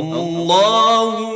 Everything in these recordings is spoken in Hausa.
الله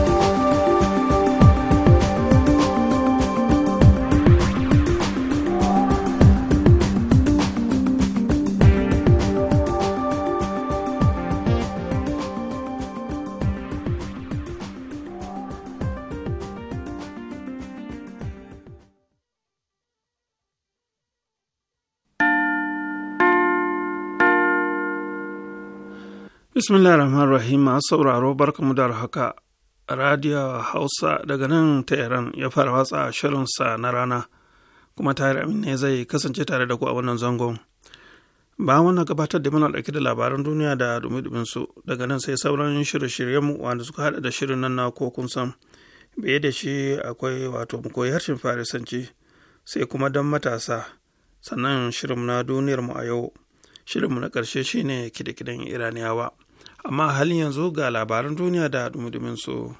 bismillah rahman rahim masu sauraro barkamu da haka radio hausa daga nan iran ya fara watsa shirinsa na rana kuma tare amin ne zai kasance tare da ku a wannan zangon ba wannan gabatar da muna ɗauke da labaran duniya da dumi su daga nan sai sauran shirye mu wanda suka haɗa da shirin nan na ko kun san biye da shi akwai wato mu koyi harshen farisanci sai kuma dan matasa sannan shirinmu na duniyarmu a yau shirinmu na ƙarshe shine kide-kiden iraniyawa amma halin yanzu ga labaran duniya da dumudumin su.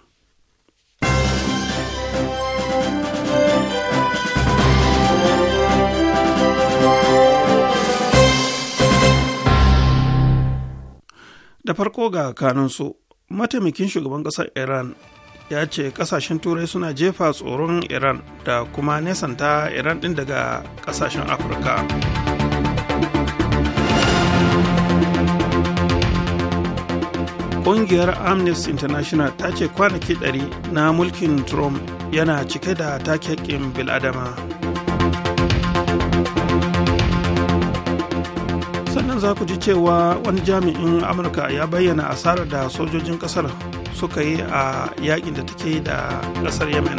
da farko ga kanunsu mataimakin shugaban ƙasar iran ya ce kasashen turai suna jefa tsoron iran da kuma nesanta iran ɗin daga ƙasashen afirka Ƙungiyar Amnesty International ta ce kwanaki 100 na mulkin Trump yana cike da take ƙin biladama. Sannan za ku ji cewa wani jami'in Amurka ya bayyana asarar da sojojin ƙasar suka yi a yakin da take da ƙasar Yemen.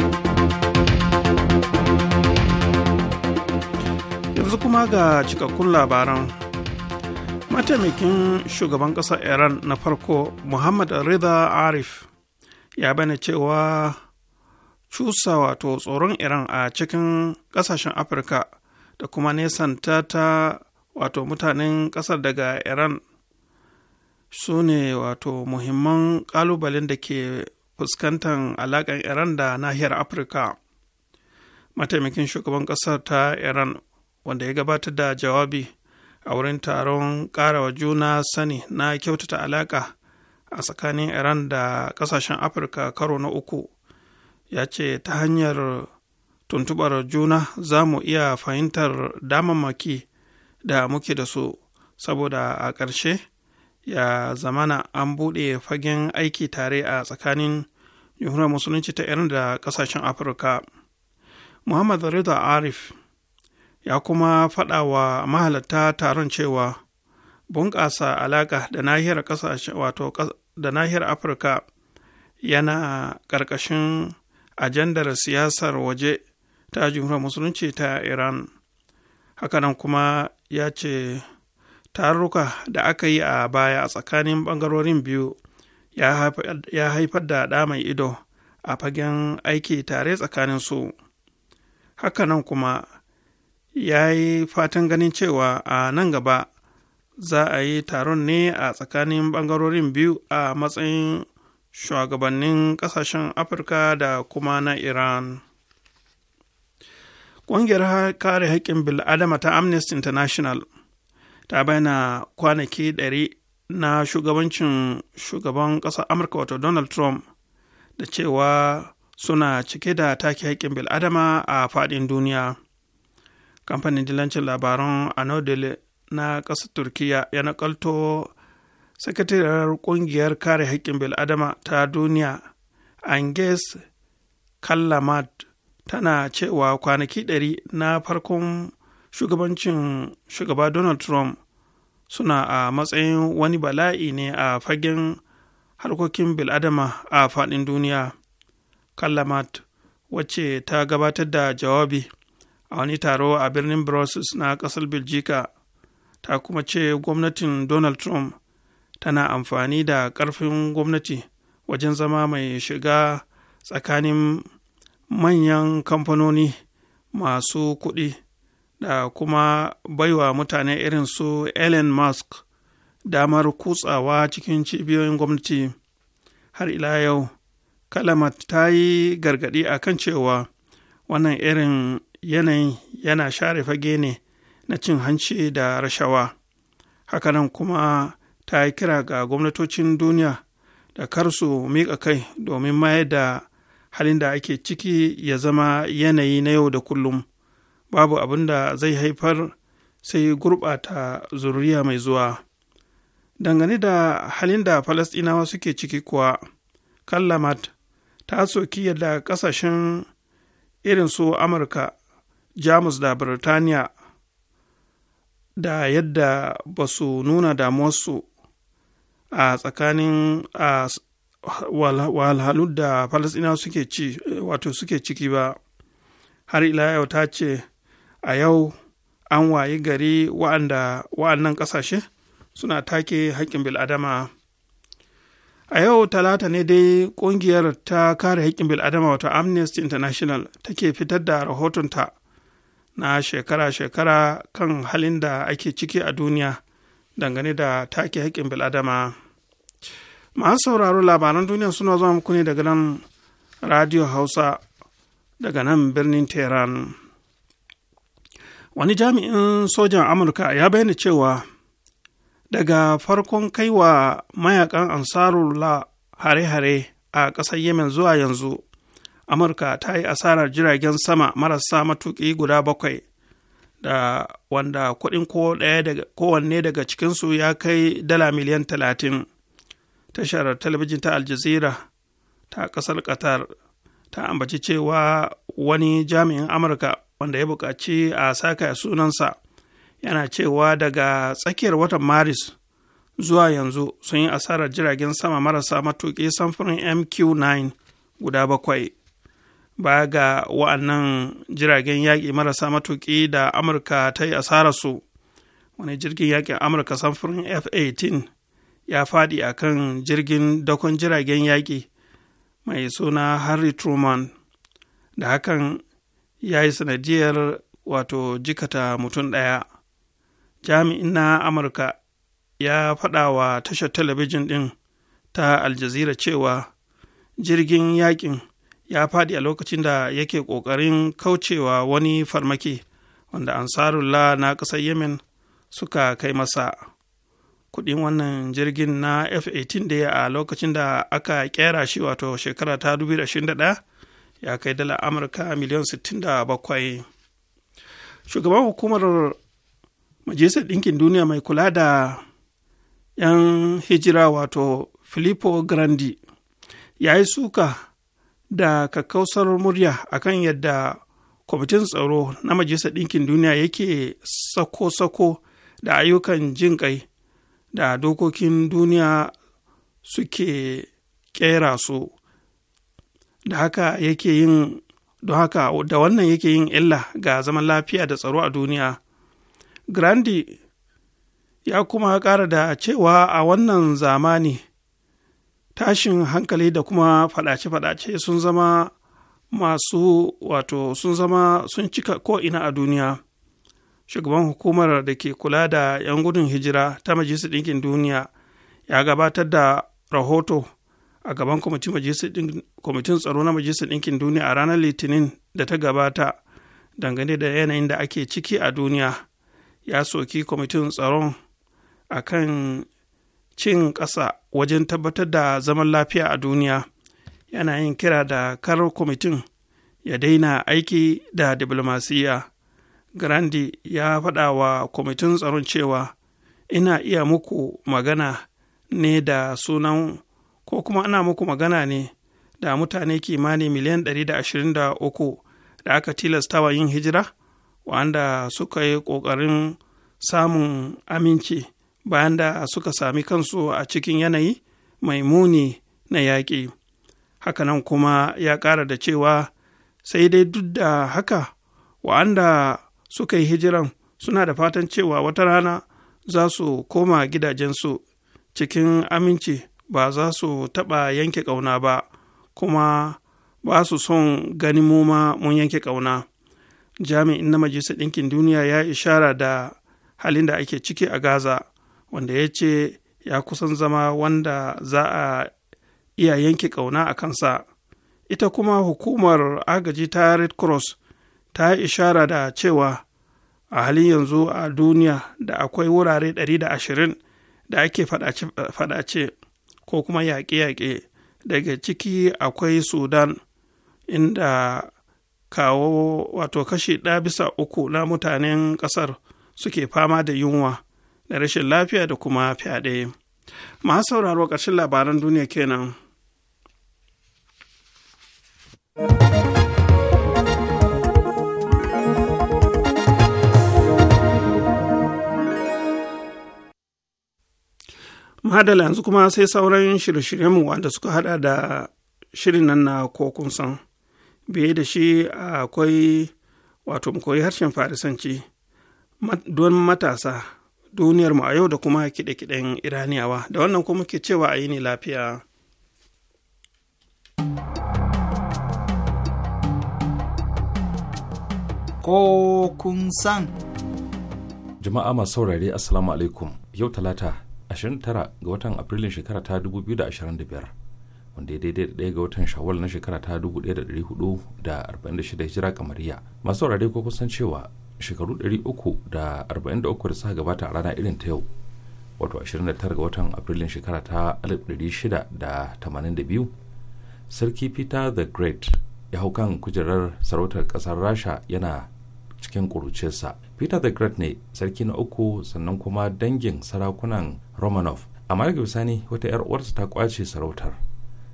Yanzu kuma ga cikakkun labaran. mataimakin shugaban ƙasar iran na farko muhammad rida arif ya bane cewa cusa wato tsoron iran a cikin ƙasashen afirka da kuma nesanta ta wato mutanen ƙasar daga iran su ne wato muhimman ƙalubalen da ke fuskantar alaƙar iran da nahiyar afirka mataimakin shugaban ƙasar ta iran wanda ya gabatar da jawabi a wurin taron ƙarawa juna sani na kyautata alaƙa a tsakanin iran da ƙasashen afirka karo na uku ya ce ta hanyar tuntubar juna za mu iya fahimtar damammaki da muke da su saboda a ƙarshe ya zamana an buɗe fagen aiki tare a tsakanin jamhuriyar musulunci ta iran da ƙasashen afirka muhammad rida arif ya kuma faɗa wa mahalarta taron cewa bunƙasa alaƙa da nahiyar ƙasashe wato da nahiyar afirka yana ƙarƙashin ajandar siyasar waje ta jumhuriyar musulunci ta iran hakanan kuma ya ce taruka da aka yi a baya a tsakanin ɓangarorin biyu ya haifar da ɗa mai ido a fagen aiki tare tsakanin su hakanan kuma ya yi fatan ganin cewa a nan gaba za a yi taron ne a tsakanin bangarorin biyu a matsayin shugabannin kasashen afirka da kuma na iran ƙungiyar kare haƙƙin bil'adama ta amnesty international ta bayyana kwanaki 100 na shugabancin shugaban ƙasar amurka wato donald trump da cewa suna cike da take haƙƙin bil'adama a faɗin duniya kamfanin dilancin labaran anadolu na ƙasar turkiya ya nakalto sakatariyar ƙungiyar kare haƙƙin bil'adama ta duniya anges kallamad tana cewa kwanaki ɗari na farkon shugabancin shugaba donald trump suna a matsayin wani bala'i ne a fagen harkokin bil'adama a faɗin duniya kallamat wacce ta gabatar da jawabi a wani taro a birnin brussels na ƙasar belgica ta kuma ce gwamnatin donald trump tana amfani da ƙarfin gwamnati wajen zama mai shiga tsakanin manyan kamfanoni masu kuɗi da kuma baiwa mutane irin su elon musk damar kutsawa cikin cibiyoyin gwamnati har ila yau kalamat ta yi gargaɗi a kan cewa wannan irin yanayin yana share fage ne na cin hanci da rashawa hakanan kuma ta yi kira ga gwamnatocin duniya da kar su miƙa kai domin mayar da halin da ake ciki ya zama yanayi na yau da kullum babu abin da zai haifar sai gurɓata zuriya mai zuwa dangane da halin da Falastinawa suke ciki kuwa kallamat ta soki yadda ƙasashen irin su amurka jamus da birtaniya da yadda ba su nuna damuwarsu a tsakanin walhalu da falasɗinawa suke ci wato suke ciki ba har ila yau ta ce a yau an wayi gari wa'annan ƙasashe suna take haƙƙin bil'adama a yau talata ne dai ƙungiyar ta kare haƙƙin bil'adama wato amnesty international take fitar da rahotonta na shekara-shekara kan halin da ake ciki a duniya dangane da take haƙƙin bil'adama masu sauraro labaran duniya suna zuwa muku ne daga nan radio hausa daga nan birnin tehran wani jami'in sojan amurka ya bayyana cewa daga farkon kaiwa mayakan ansarula hare-hare a ƙasar yemen zuwa yanzu amurka ta yi asarar jiragen sama marasa matuƙi guda bakwai da wanda kuɗin kowanne daga cikinsu ya kai dala miliyan talatin tashar talabijin ta aljazira ta ƙasar qatar ta ambaci cewa wani jami'in amurka wanda ya buƙaci a saka sunansa yana cewa daga tsakiyar watan maris zuwa yanzu sun yi asarar jiragen sama marasa matuƙi samfurin mq9 guda bakwai ba ga wa'annan jiragen yaƙi marasa matuƙi da amurka ta yi asararsu wani jirgin yaƙin amurka samfurin f-18 ya faɗi a kan jirgin dakon jiragen yaƙi mai suna harry truman da hakan ya yi sanadiyar wato jikata mutum ɗaya jami'in na amurka ya faɗa wa tashar talabijin ɗin ta aljazira cewa jirgin yaƙin ya faɗi a lokacin da yake ƙoƙarin kaucewa wani farmaki wanda ansarullah na ƙasar yemen suka kai masa kuɗin wannan jirgin na f-18 da a lokacin da aka ƙera shi wato shekara ta 2021 ya kai dala amurka miliyan 67 shugaban hukumar majalisar ɗinkin duniya mai kula da 'yan hijira wato filippo grandi ya yi suka da kakkausar murya akan yadda kwamitin tsaro na majalisar ɗinkin duniya yake sako-sako da ayyukan jin kai da dokokin duniya suke kera su da haka yake yin don haka da wannan yake yin illa ga zaman lafiya da tsaro a duniya grandi ya kuma kara da cewa a wannan zamani tashin hankali da kuma faɗace-faɗace sun zama masu wato sun zama sun cika ko'ina a duniya shugaban hukumar da ke kula da 'yan gudun hijira ta majalisar ɗinkin duniya ya gabatar da rahoto a gaban kwamitin tsaro na majalisar ɗinkin duniya a ranar litinin da ta gabata dangane da yanayin da ake ciki a duniya ya soki kwamitin tsaron a kan cin ƙasa wajen tabbatar da zaman lafiya a duniya yana yin kira da karar kwamitin ya daina aiki da diplomasiyya grandi ya faɗa wa kwamitin tsaron cewa ina iya muku magana ne da sunan ko kuma ana muku magana ne da mutane kimanin miliyan 123 da aka tilastawa yin hijira wanda suka yi ƙoƙarin samun aminci bayan da suka sami kansu a cikin yanayi mai muni na yaƙi hakanan kuma ya ƙara da cewa sai dai duk da haka wa'anda suka yi hijiran suna da fatan cewa wata rana za su koma gidajensu cikin aminci ba za su taɓa yanke ƙauna ba kuma ba su son ganin mu mun yanke ƙauna jami'in na majalisar ɗinkin duniya ya ishara da halin da ake ciki a gaza wanda ya ce ya kusan zama wanda za a iya yanke ƙauna a kansa ita kuma hukumar agaji ta red cross ta yi ishara da cewa a halin yanzu a duniya da akwai wurare 120 da ake fadace ko kuma yaƙe-yaƙe daga ciki akwai sudan inda kawo wato kashi ɗaya bisa uku na mutanen ƙasar suke fama da yunwa da rashin lafiya da kuma fyaɗe masu sauraro ƙarshen labaran duniya kenan. Madala yanzu kuma sai sauran shirye-shiryenmu wanda suka hada da shirin nan na kokun san biye da shi akwai wato koyi harshen farisanci don matasa duniyarmu a yau da kuma kiɗe-kiɗen iraniyawa da wannan kuma muke cewa a yi ne lafiya ko kun san jama'a masu saurare assalamu alaikum yau talata 29 ga watan afrilun shekara ta 2025 wanda ya daidai da ɗaya ga watan shawal na shekara ta 1446 hijira kamariya masu saurare ko kusan cewa shekaru 343 da suka gabata a rana irin ta yau wato 29 ga watan afrilun shekara ta 1682 sarki peter the great ya hau kan kujerar sarautar kasar rasha yana cikin ƙuruciyarsa peter the great ne sarki na uku sannan kuma dangin sarakunan romanov amma daga bisani wata 'yar uwarsa ta kwace sarautar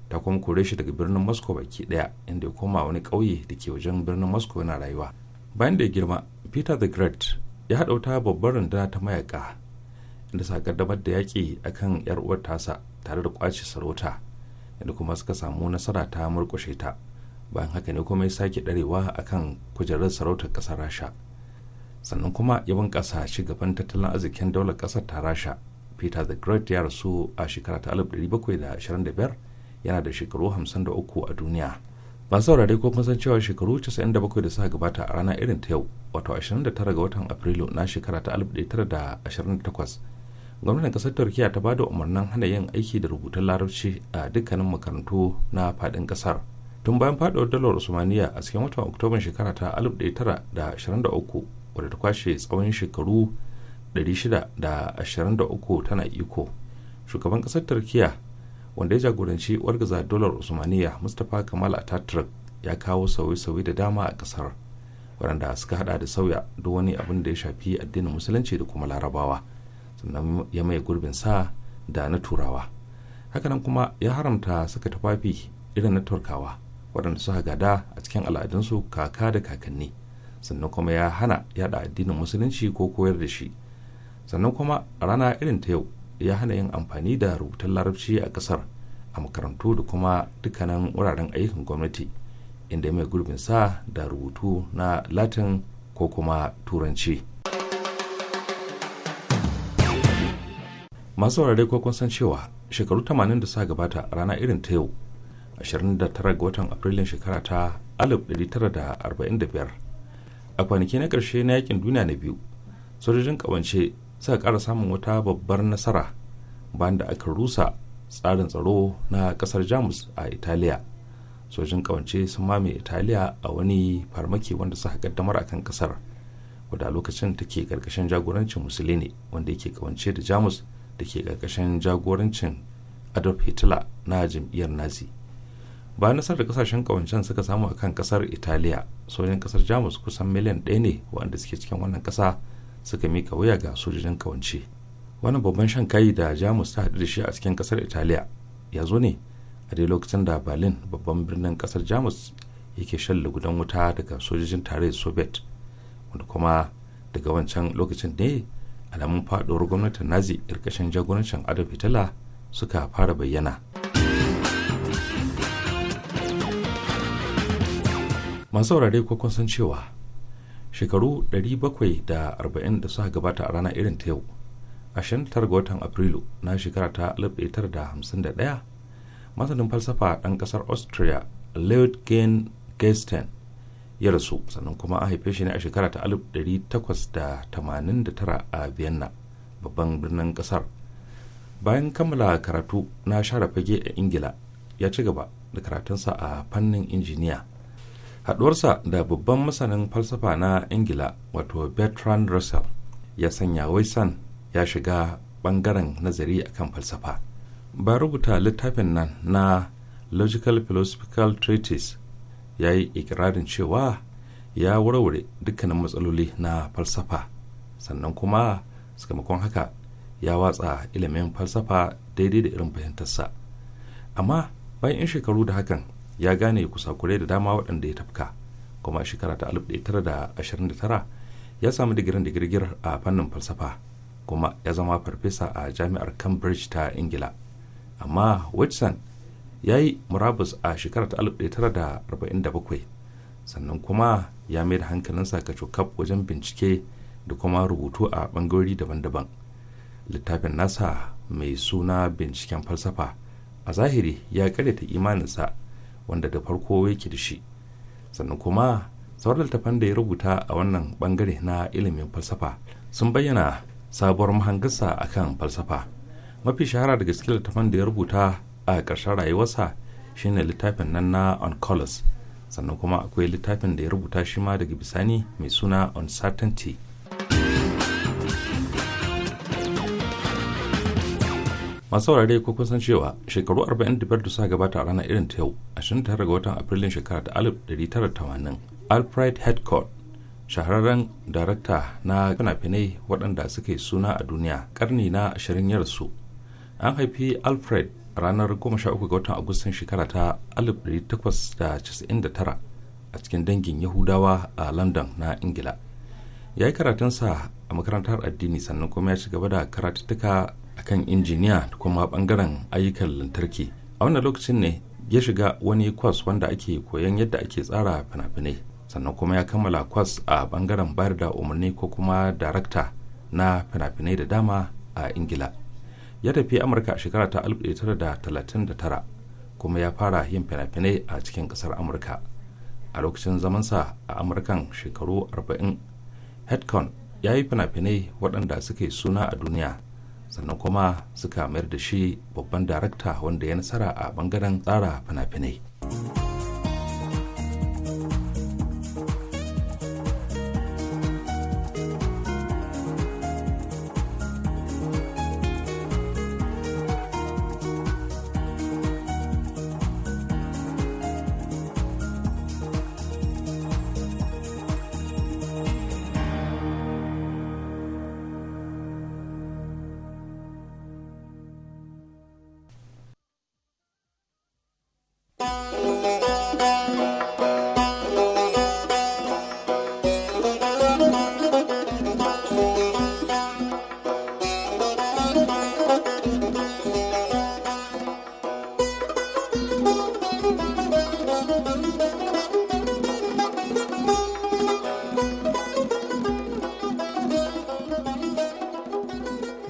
ta kuma kore shi daga birnin moscow baki daya inda ya koma wani ƙauye da ke wajen birnin moscow yana rayuwa bayan da ya girma peter the great ya haɗa wata babbar runduna ta mayaka inda suka kaddamar da yaƙi akan yar uwar tasa tare da kwace sarauta inda kuma suka samu nasara ta murƙushe ta bayan haka ne kuma ya sake ɗarewa kan kujerar sarautar ƙasar rasha sannan kuma ya bunƙasa shugaban tattalin arzikin daular ƙasar ta rasha peter the great ya rasu a shekara ta 1725 yana da shekaru 53 a duniya masu saurare ko kun san cewa shekaru 97 da suka gabata a rana irin ta yau wato 29 ga watan afrilu na shekara ta 1928 gwamnatin kasar turkiya ta bada umarnin hana yin aiki da rubutun larabci a dukkanin makarantu na fadin kasar tun bayan faduwar dalar usmaniya a cikin watan oktoban shekara ta 1923 wadda ta kwashe tsawon shekaru 623 tana iko shugaban kasar turkiya wanda ya jagoranci wargaza dolar usmaniya mustapha kamal ataturk ya kawo sauye-sauye da dama a kasar waɗanda suka hada da sauya duk wani abin da ya shafi addinin musulunci da kuma larabawa sannan ya mai gurbin sa da na turawa hakanan kuma ya haramta saka tufafi irin na turkawa waɗanda suka gada a cikin al'adunsu kaka da kakanni sannan kuma ya hana yada addinin musulunci ko koyar da shi sannan kuma rana irin ta yau ya hana yin amfani da rubutun larabci a kasar a makarantu da kuma dukkanin wuraren ayyukan gwamnati inda mai gurbin sa da rubutu na latin ko kuma turanci masu wurare ko kun san cewa shekaru 80 da sa gabata rana irin ta yau 29 ga watan afrilun shekara ta 1945 a kwanaki na karshe na yakin duniya na biyu sojojin kawance suka kara samun wata babbar nasara bayan da aka rusa tsarin tsaro na kasar jamus a italiya sojin ƙawance sun mame italiya a wani farmaki wanda suka kaddamar a kan ƙasar wadda a lokacin take ƙarƙashin jagorancin musulini wanda yake kawance da jamus da ke karkashin jagorancin adolf hitler na jam'iyyar nazi bayan da kasashen kawancen suka samu a kan kasar italiya sojin kasar jamus kusan miliyan ɗaya ne waɗanda suke cikin wannan ƙasa suka mika waya ga sojojin kawance wannan babban shan kayi da jamus ta haɗu da shi a cikin ƙasar italiya ya zo ne a dai lokacin da berlin babban birnin ƙasar jamus yake shan lugudan wuta daga sojojin tarayyar soviet wanda kuma daga wancan lokacin ne alamun faɗuwar gwamnatin nazi ƙarƙashin jagorancin adolf hitler suka fara bayyana masu saurare ko kun san cewa shekaru 740 da suka gabata a rana irin ta yau a shantar ga watan afrilu na shekara ta 1951 masanin falsafa ɗan ƙasar austria leopold gesten ya rasu sannan kuma an haife shi ne a shekara ta 1889 a vienna babban birnin ƙasar bayan kammala karatu na share fage a ingila ya ci gaba da karatunsa a fannin injiniya haduwarsa da babban masanin falsafa na ingila wato bertrand russell ya sanya waisan ya shiga bangaren nazari akan falsafa ba rubuta littafin nan na logical philosophical treatise ya yi ikirarin cewa ya warware dukkanin matsaloli na falsafa sannan kuma sakamakon haka ya watsa ilimin falsafa daidai da irin fahimtarsa amma bayan shekaru da hakan ya gane kusakurai da dama waɗanda ya tafka kuma a shekara ta 1929 ya samu digirin girgir a fannin falsafa kuma ya zama farfesa a jami'ar cambridge ta ingila amma watson ya yi murabus a shekara ta 1947 sannan kuma ya mai da hankalinsa ga cokap wajen bincike da kuma rubutu a bangarori daban-daban littafin nasa mai suna binciken falsafa a zahiri ya karyata imaninsa wanda da farko yake da shi sannan kuma sauran littafan da ya rubuta a wannan bangare na ilimin falsafa sun bayyana sabuwar mahangarsa akan falsafa mafi shahara daga cikin littafan da ya rubuta a ƙarshen rayuwarsa shine littafin nan na colors sannan kuma akwai littafin da ya rubuta shi ma daga bisani mai suna uncertainty masu wurare ko kun san cewa shekaru 40 da suka gabata a ranar irin ta yau 29 ga watan afrilun shekara ta 1980 alfred headcourt shahararren darakta na fina-finai waɗanda suke suna a duniya karni na 20 yarsu an haifi alfred ranar 13 ga watan agustan shekara ta 1899 a cikin dangin yahudawa a london na ingila ya yi karatunsa a makarantar addini sannan kuma ya ci gaba da karatuttuka kan injiniya kuma bangaren ayyukan lantarki a wannan lokacin ne ya shiga wani kwas wanda ake koyon yadda ake tsara fina-finai sannan kuma ya kammala kwas a bangaren bayar da umarni ko kuma darakta na fina-finai da dama a ingila ya tafi amurka a shekara ta 1939 kuma ya fara yin fina-finai a cikin kasar amurka a lokacin zamansa a amurkan shekaru 40 headcon ya yi fina-finai waɗanda suka yi suna a duniya sannan kuma suka mayar da shi babban darakta wanda ya nasara a bangaren tsara fina-finai.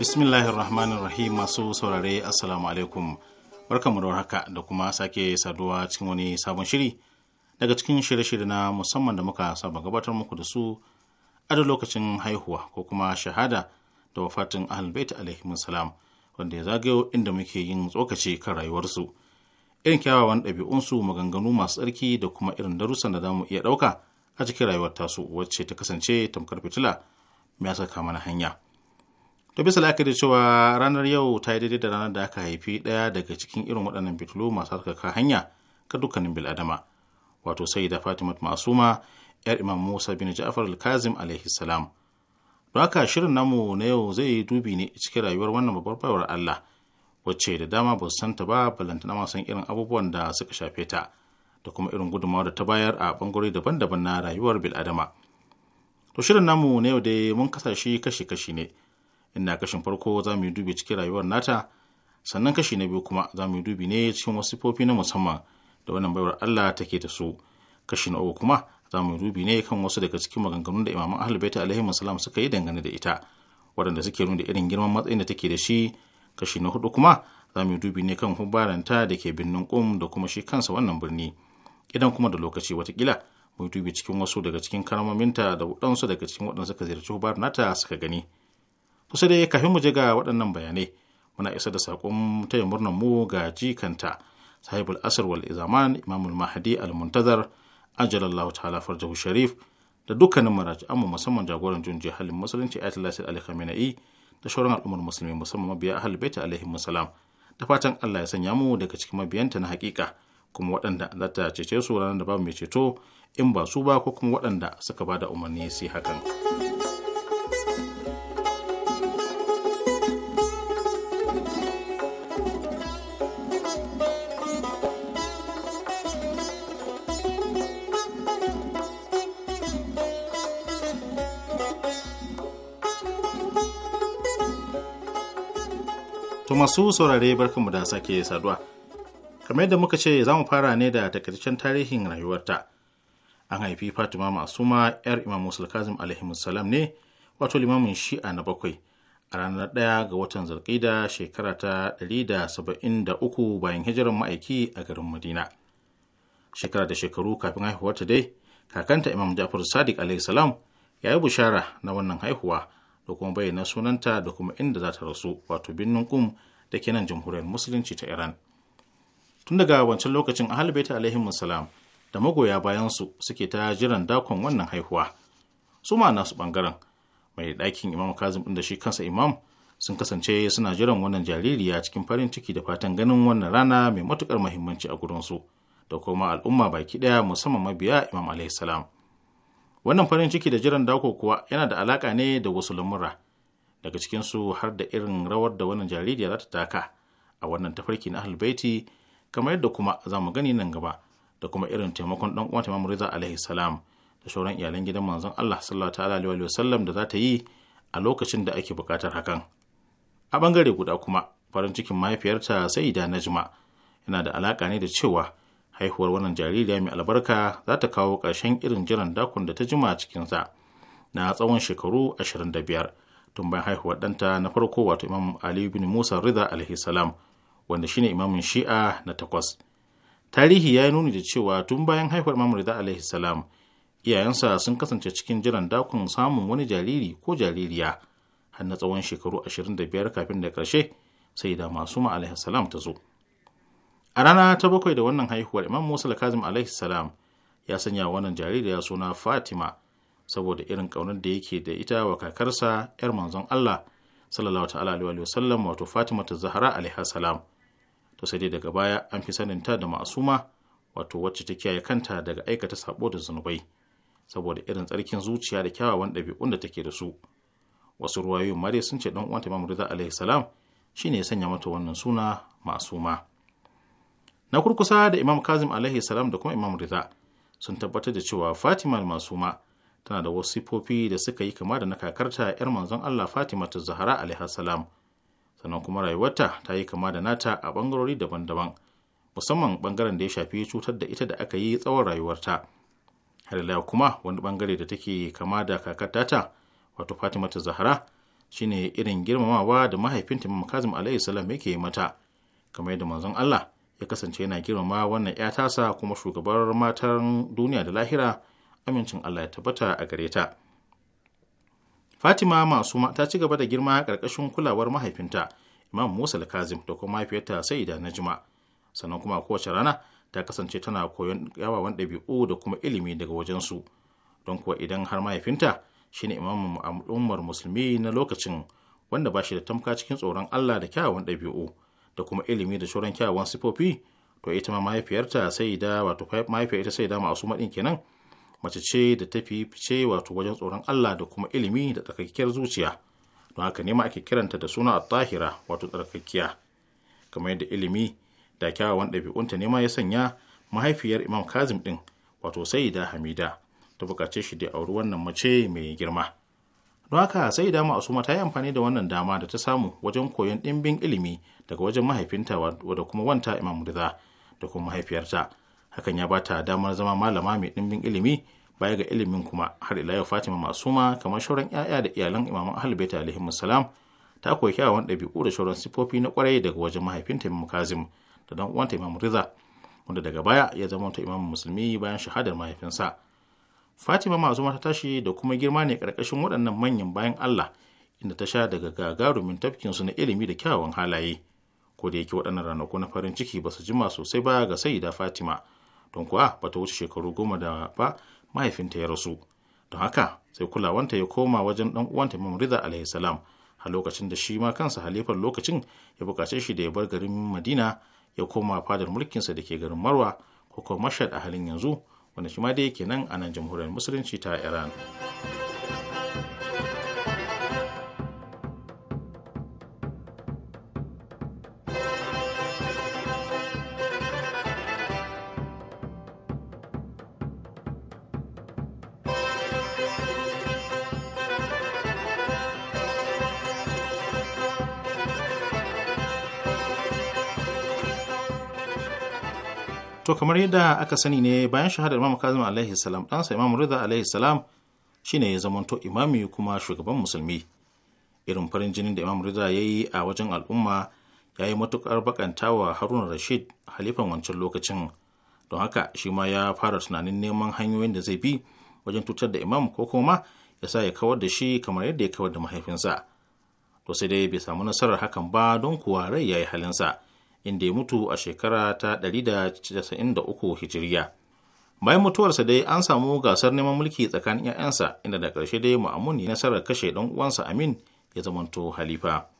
bismillahir rahmanir rahim masu saurare assalamu alaikum barkamu da haka da kuma sake saduwa cikin wani sabon shiri daga cikin shirye-shirye na musamman da muka saba gabatar muku da su a da lokacin haihuwa ko kuma shahada da wafatin ahlulbait alaihimun salam wanda ya zagayo inda muke yin tsokaci kan rayuwarsu irin kyawawan ɗabi'unsu maganganu masu tsarki da kuma irin darussan da zamu iya ɗauka a cikin rayuwar tasu wacce ta kasance tamkar fitila mai saka mana hanya to bisa la'akari cewa ranar yau ta yi daidai da ranar da aka haifi ɗaya daga cikin irin waɗannan fitilu masu harkaka hanya ga dukkanin biladama wato sai da fatimat masuma yar imam musa bin ja'far al-kazim alaihi salam don haka shirin namu na yau zai yi dubi ne cikin rayuwar wannan babbar baiwar allah wacce da dama ba su santa ba ballantana ma san irin abubuwan da suka shafe ta da kuma irin gudunmawa da ta bayar a bangarori daban-daban na rayuwar biladama to shirin namu na yau dai mun kasa shi kashi-kashi ne inda kashin farko za mu yi dubi cikin rayuwar nata sannan kashi na biyu kuma za mu yi dubi ne cikin wasu sifofi na musamman da wannan baiwar Allah take da su kashi na uku kuma za mu yi dubi ne kan wasu daga cikin maganganun da imaman ahlul baiti alaihi wasallam suka yi dangane da ita waɗanda suke nuna irin girman matsayin da take da shi kashi na hudu kuma za mu yi dubi ne kan hubaranta da ke birnin kum da kuma shi kansa wannan birni idan kuma da lokaci watakila mu yi dubi cikin wasu daga cikin karamominta da waɗansu daga cikin waɗanda suka ziyarci hubar nata suka gani kusa dai kafin mu je ga waɗannan bayanai muna isa da saƙon taya murnar mu ga jikanta sahibul asr wal izaman imamul mahdi al muntazar ajalallahu ta'ala farjahu sharif da dukkanin maraji'an mu musamman jagoran jun halin musulunci ayatollah sayyid ali khamenei da shauran al'ummar musulmi musamman mabiya ahlul bait alaihi salam da fatan Allah ya sanya mu daga cikin mabiyanta na hakika kuma waɗanda za ta cece su ranar da babu mai ceto in ba su ba ko kuma waɗanda suka ba da umarni su hakan. To masu saurare barkanmu da sake saduwa. Kamar yadda muka ce za mu fara ne da takaitaccen tarihin rayuwarta. An haifi Fatima Masuma ‘yar Imam Musul Kazim salam ne, wato limamin shi'a na bakwai, a ranar ɗaya ga watan Zulqida shekara ta ɗari da da uku bayan hijirar ma'aiki a garin Madina. Shekara da shekaru kafin haihuwarta dai, kakanta Imam Ja'far Sadiq salam ya yi bushara na wannan haihuwa da kuma bayyana sunanta da kuma inda za ta rasu wato birnin kum da ke nan jamhuriyar musulunci ta iran tun daga wancan lokacin ahal baita alaihi salam da magoya bayansu suke ta jiran dakon wannan haihuwa su ma nasu bangaren mai ɗakin imam kazim ɗin da shi kansa imam sun kasance suna jiran wannan jaririya cikin farin ciki da fatan ganin wannan rana mai matukar muhimmanci a gurinsu da kuma al'umma baki ɗaya musamman mabiya imam alaihi salam wannan farin ciki da jiran dako kuwa yana da alaka ne da wasu lamura daga cikinsu har da irin rawar da wannan jaririya za ta taka a wannan tafarki na ahlbaiti kamar yadda kuma za mu gani nan gaba da kuma irin taimakon dan uwa taimakon Riza alaihi salam da sauran iyalan gidan manzon Allah sallallahu ta'ala alaihi wa sallam da za ta yi a lokacin da ake bukatar hakan a bangare guda kuma farin cikin mahaifiyarta Sayyida Najma yana da alaka ne da cewa haihuwar wannan jaririya mai albarka za ta kawo ƙarshen irin jiran dakon da ta jima cikinsa na tsawon shekaru 25 tun bayan haihuwar ɗanta na farko wato imam ali bin musa rida alaihi salam wanda shine imamin shi'a na takwas tarihi ya yi nuni da cewa tun bayan haihuwar imam rida alaihi salam iyayensa sun kasance cikin jiran dakon samun wani jariri ko jaririya har na tsawon shekaru 25 kafin da ƙarshe sai da masu ma alaihi salam ta zo a rana ta bakwai da wannan haihuwar imam musa kazim alaihi salam ya sanya wannan jaririya suna fatima saboda irin ƙaunar da yake da ita wa kakarsa yar manzon allah sallallahu ta'ala alaihi wasallam wato fatima ta zahara alaihi salam to sai dai daga baya an fi sanin ta da ma'asuma wato wacce ta kiyaye kanta daga aikata sabo da zunubai saboda irin tsarkin zuciya da kyawawan ɗabi'un da take da su wasu ruwayoyin mare sun ce ɗan uwanta imam rida alaihi salam shine ya sanya mata wannan suna ma'asuma na kurkusa da imam kazim alaihi salam da kuma imam rida sun tabbatar da cewa fatima masuma tana da wasu sifofi da suka yi kama da na kakarta yar manzon allah fatima ta zahara alaihi salam sannan kuma rayuwarta ta yi kama da nata a bangarori daban-daban musamman bangaren da ya shafi cutar da ita da aka yi tsawon rayuwarta har kuma wani bangare da take kama da kakarta ta wato fatima ta zahara shine irin girmamawa da mahaifinta imam kazim alaihi salam yake mata kamar yadda manzon allah ya kasance yana girmama wannan 'ya tasa kuma shugabar matan duniya da lahira amincin Allah ya tabbata a gare ta. Fatima Masuma ta ci gaba da girma ƙarƙashin kulawar mahaifinta Imam Musa Kazim da kuma mahaifiyarta Saida Najma. Sannan kuma kowace rana ta kasance tana koyon yawawan ɗabi'u da kuma ilimi daga wajensu. Don kuwa idan har mahaifinta shine Imam Umar musulmi na lokacin wanda ba shi da tamka cikin tsoron Allah da kyawawan ɗabi'u. da kuma ilimi da shoran kyawawan sifofi to ita ma mahaifiyarta sai da wato mahaifiyar ita sai da masu maɗin kenan mace ce da ta fi fice wato wajen tsoron Allah da kuma ilimi da tsakakkiyar zuciya don haka ne ma ake kiranta da suna tahira wato tsarkakkiya kamar yadda ilimi da kyawawan ɗabi'unta ne ma ya sanya mahaifiyar Imam Kazim din wato sai da Hamida ta bukace shi da auri wannan mace mai girma don haka sai dama asuma ta yi amfani da wannan dama da ta samu wajen koyon ɗimbin ilimi daga wajen mahaifinta da kuma wanta imam riza da kuma mahaifiyarta hakan ya bata damar zama malama mai ɗimbin ilimi baya ga ilimin kuma har ila yau fatima masuma kamar shauran 'ya'ya da iyalan imaman ahlul alaihi musalam ta koyi kyawawan ɗabi'u da shauran sifofi na kwarai daga wajen mahaifinta imam kazim da dan uwanta imam riza wanda daga baya ya zama ta imam musulmi bayan shahadar mahaifinsa fatima ma zuma ta tashi da kuma girma ne karkashin waɗannan manyan bayan allah inda ta sha daga gagarumin tafkin su na ilimi da kyawawan halaye ko da yake waɗannan ranaku na farin ciki ba su jima sosai ba ga sayida fatima don kuwa ba ta wuce shekaru goma da ba mahaifinta ya rasu don haka sai kulawanta ya koma wajen ɗan uwanta imam Riza alayhi salam a lokacin da shi ma kansa halifar lokacin ya buƙaci shi da ya bar garin madina ya koma fadar mulkinsa da ke garin marwa ko kuma Mashhad a halin yanzu wanda shi ma dai kenan a nan jamhuriyar musulunci ta iran to kamar yadda aka sani ne bayan shahadar imam kazim alaihi salam ɗansa imam rida alaihi salam shine ya zamanto imami kuma shugaban musulmi irin farin jinin da imam rida ya yi a wajen al'umma ya yi matukar bakantawa haruna rashid halifan wancan lokacin don haka shi ma ya fara tunanin neman hanyoyin da zai bi wajen tutar da imam ko kuma ya sa ya kawar da shi kamar yadda ya kawar da mahaifinsa to sai dai bai samu nasarar hakan ba don kuwa rai ya yi halinsa inda ya mutu a shekara ta 193 hijiriya. Bayan mutuwarsa dai an samu gasar neman mulki tsakanin 'ya'yansa inda da ƙarshe dai Ma'amun ya nasarar kashe ɗan uwansa Amin ya zamanto halifa.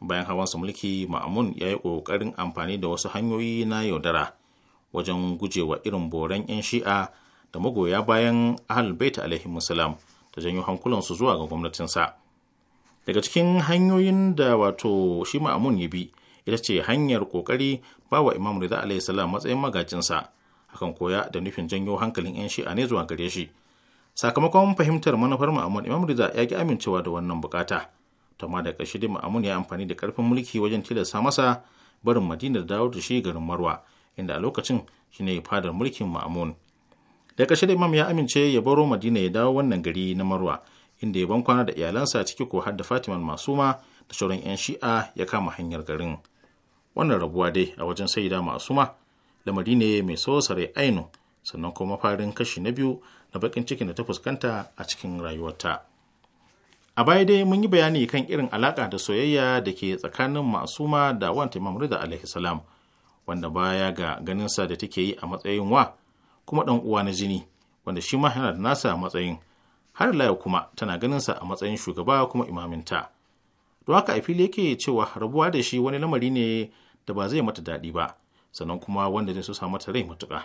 Bayan hawansa mulki Ma'amun ya yi ƙoƙarin amfani da wasu hanyoyi na yaudara wajen gujewa irin boran 'yan shi'a da magoya bayan ahal Bait alaihi ta janyo hankulansu zuwa ga gwamnatinsa. Daga cikin hanyoyin da wato shi Ma'amun ya bi ita ce hanyar kokari ba wa imam rida alayhi salam matsayin magajinsa akan koya da nufin janyo hankalin 'yan shi'a ne zuwa gare shi sakamakon fahimtar manufar ma'amun imam rida ya ki amincewa da wannan bukata tama da ƙarshe dai ma'amun ya amfani da karfin mulki wajen tilasta masa barin madinar dawo da shi garin marwa inda a lokacin shine fadar mulkin ma'amun da ƙarshe da imam ya amince ya baro madina ya dawo wannan gari na marwa inda ya ban kwana da iyalansa ciki ko har da fatiman masuma da shauran 'yan shi'a ya kama hanyar garin wannan rabuwa dai a wajen saida masu ma lamari ne mai sosare ainu sannan kuma farin kashi na biyu na bakin cikin da ta fuskanta a cikin rayuwarta a baya dai mun yi bayani kan irin alaka da soyayya da ke tsakanin masu ma da wanta imam rida alaihi wanda baya ga ganinsa da take yi a matsayin wa kuma dan uwa na jini wanda shi ma yana da nasa matsayin har Laya kuma tana ganinsa a matsayin shugaba kuma imaminta Don haka a fili yake cewa rabuwa da shi wani lamari ne da ba zai mata daɗi ba sannan kuma wanda zai so sa mata rai matuƙa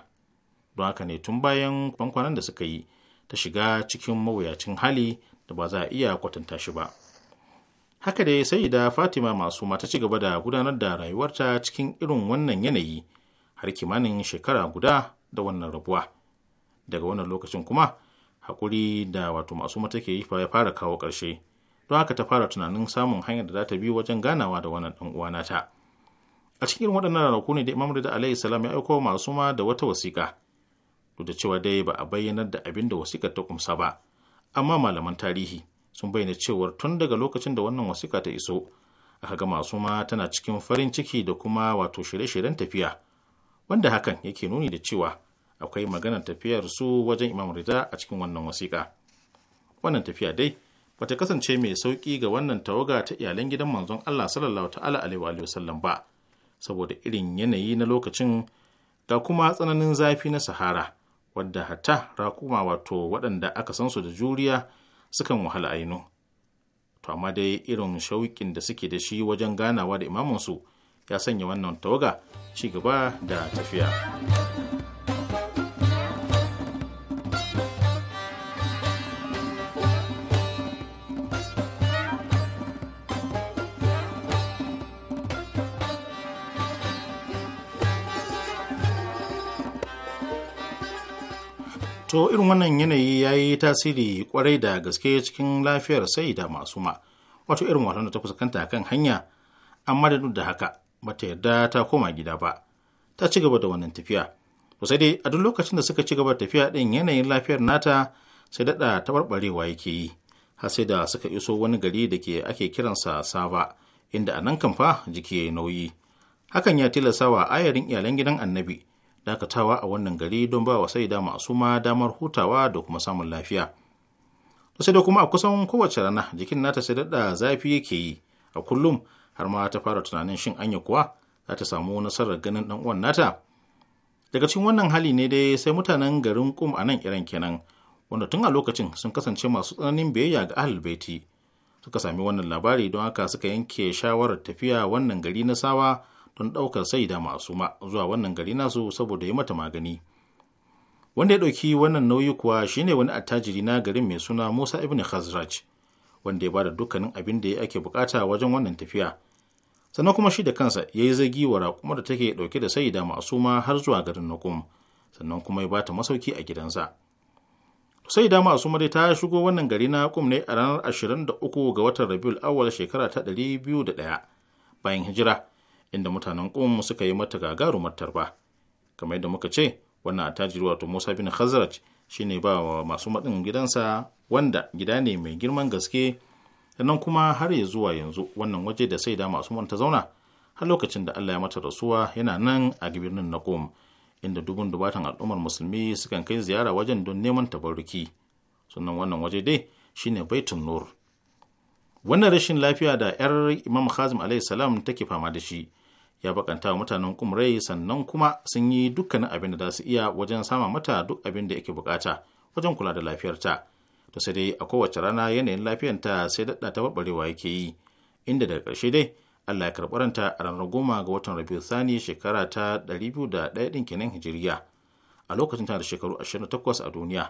don haka ne tun bayan kwankwanan da suka yi ta shiga cikin mawuyacin hali da ba za a iya kwatanta shi ba haka dai sai da fatima masu mata ci gaba da gudanar da rayuwarta cikin irin wannan yanayi har kimanin shekara guda da wannan rabuwa daga wannan lokacin kuma haƙuri da wato masu mata ke yi ya fara kawo ƙarshe don haka ta fara tunanin samun hanyar da za ta bi wajen ganawa da wannan ɗan uwa nata a cikin waɗannan ranaku ne da imam rida alaihi salam ya aiko masu ma da wata wasiƙa duk da cewa dai ba a bayyanar da abin da wasiƙar ta kumsa ba amma malaman tarihi sun bayyana cewar tun daga lokacin da wannan wasiƙa ta iso aka ga masu ma tana cikin farin ciki da kuma wato shirye-shiryen tafiya wanda hakan yake nuni da cewa akwai maganar tafiyar su wajen imam rida a cikin wannan wasiƙa wannan tafiya dai Ba ta kasance mai sauƙi ga wannan tawaga ta iyalan gidan manzon Allah sallallahu ta'ala alaihi wa sallam ba saboda irin yanayi na lokacin ga kuma tsananin zafi na sahara wadda hatta rakuma wato waɗanda aka san su da juriya sukan wahala ainu to amma dai irin shauƙin da suke da shi wajen ganawa da imamansu ya sanya wannan tawaga ci gaba da tafiya. to irin wannan yanayi ya yi tasiri kwarai da gaske cikin lafiyar sai da masu ma wato irin wasan da ta fuskanta kan hanya amma da duk da haka bata yarda ta koma gida ba ta ci gaba da wannan tafiya to sai dai a duk lokacin da suka ci gaba tafiya din yanayin lafiyar nata sai daɗa taɓarɓarewa yake yi har sai da suka iso wani gari da ke ake kiransa saba inda a nan kamfa jiki ya nauyi hakan ya tilasta wa ayarin iyalan gidan annabi dakatawa a wannan gari don ba wa sai saida suma damar hutawa da kuma samun lafiya da sai da kuma a kusan kowace rana jikin nata sai daɗa zafi yake yi a kullum har ma ta fara tunanin shin anya kuwa za ta samu nasarar ganin ɗan uwan nata daga cikin wannan hali ne dai sai mutanen garin kum a nan kiran kenan wanda tun a lokacin sun kasance masu tsananin biyayya ga ahal baiti suka sami wannan labari don haka suka yanke shawarar tafiya wannan gari na sawa don ɗaukar saida da masu ma zuwa wannan gari nasu saboda ya mata magani wanda ya ɗauki wannan nauyi kuwa shine wani attajiri na garin mai suna musa ibn khazraj wanda ya bada dukkanin abin da ake bukata wajen wannan tafiya sannan kuma shi da kansa ya yi zagi wa raƙumar da take ɗauke da sai da masu ma har zuwa garin nukum sannan kuma ya bata masauki a gidansa sai da masu mare ta shigo wannan gari na kum ne a ranar 23 ga watan rabiul awwal shekara ta 201 bayan hijira inda mutanen ƙum suka yi mata gagarumar tarba kamar yadda muka ce wannan attajiri wato musa bin khazraj shine ba wa masu maɗin gidansa wanda gida ne mai girman gaske sannan kuma har ya zuwa yanzu wannan waje da sai da masu manta zauna har lokacin da allah ya mata rasuwa yana nan a birnin na ƙum inda dubun dubatan al'ummar musulmi sukan kai ziyara wajen don neman tabarruki sannan wannan waje dai shine baitun nur wannan rashin lafiya da 'yar imam khazim alayhi salam take fama da shi ya bakanta wa mutanen kumrai sannan kuma sun yi dukkanin abin da za su iya wajen sama mata duk abin da yake bukata wajen kula da lafiyarta to sai dai a kowace rana yanayin lafiyarta sai daɗa ta barbarewa yake yi inda daga karshe dai Allah ya karɓi ranta a ranar goma ga watan Rabiu Sani shekara ta da 201 ɗin kenan Hijiriya a lokacin tana da shekaru 28 a duniya.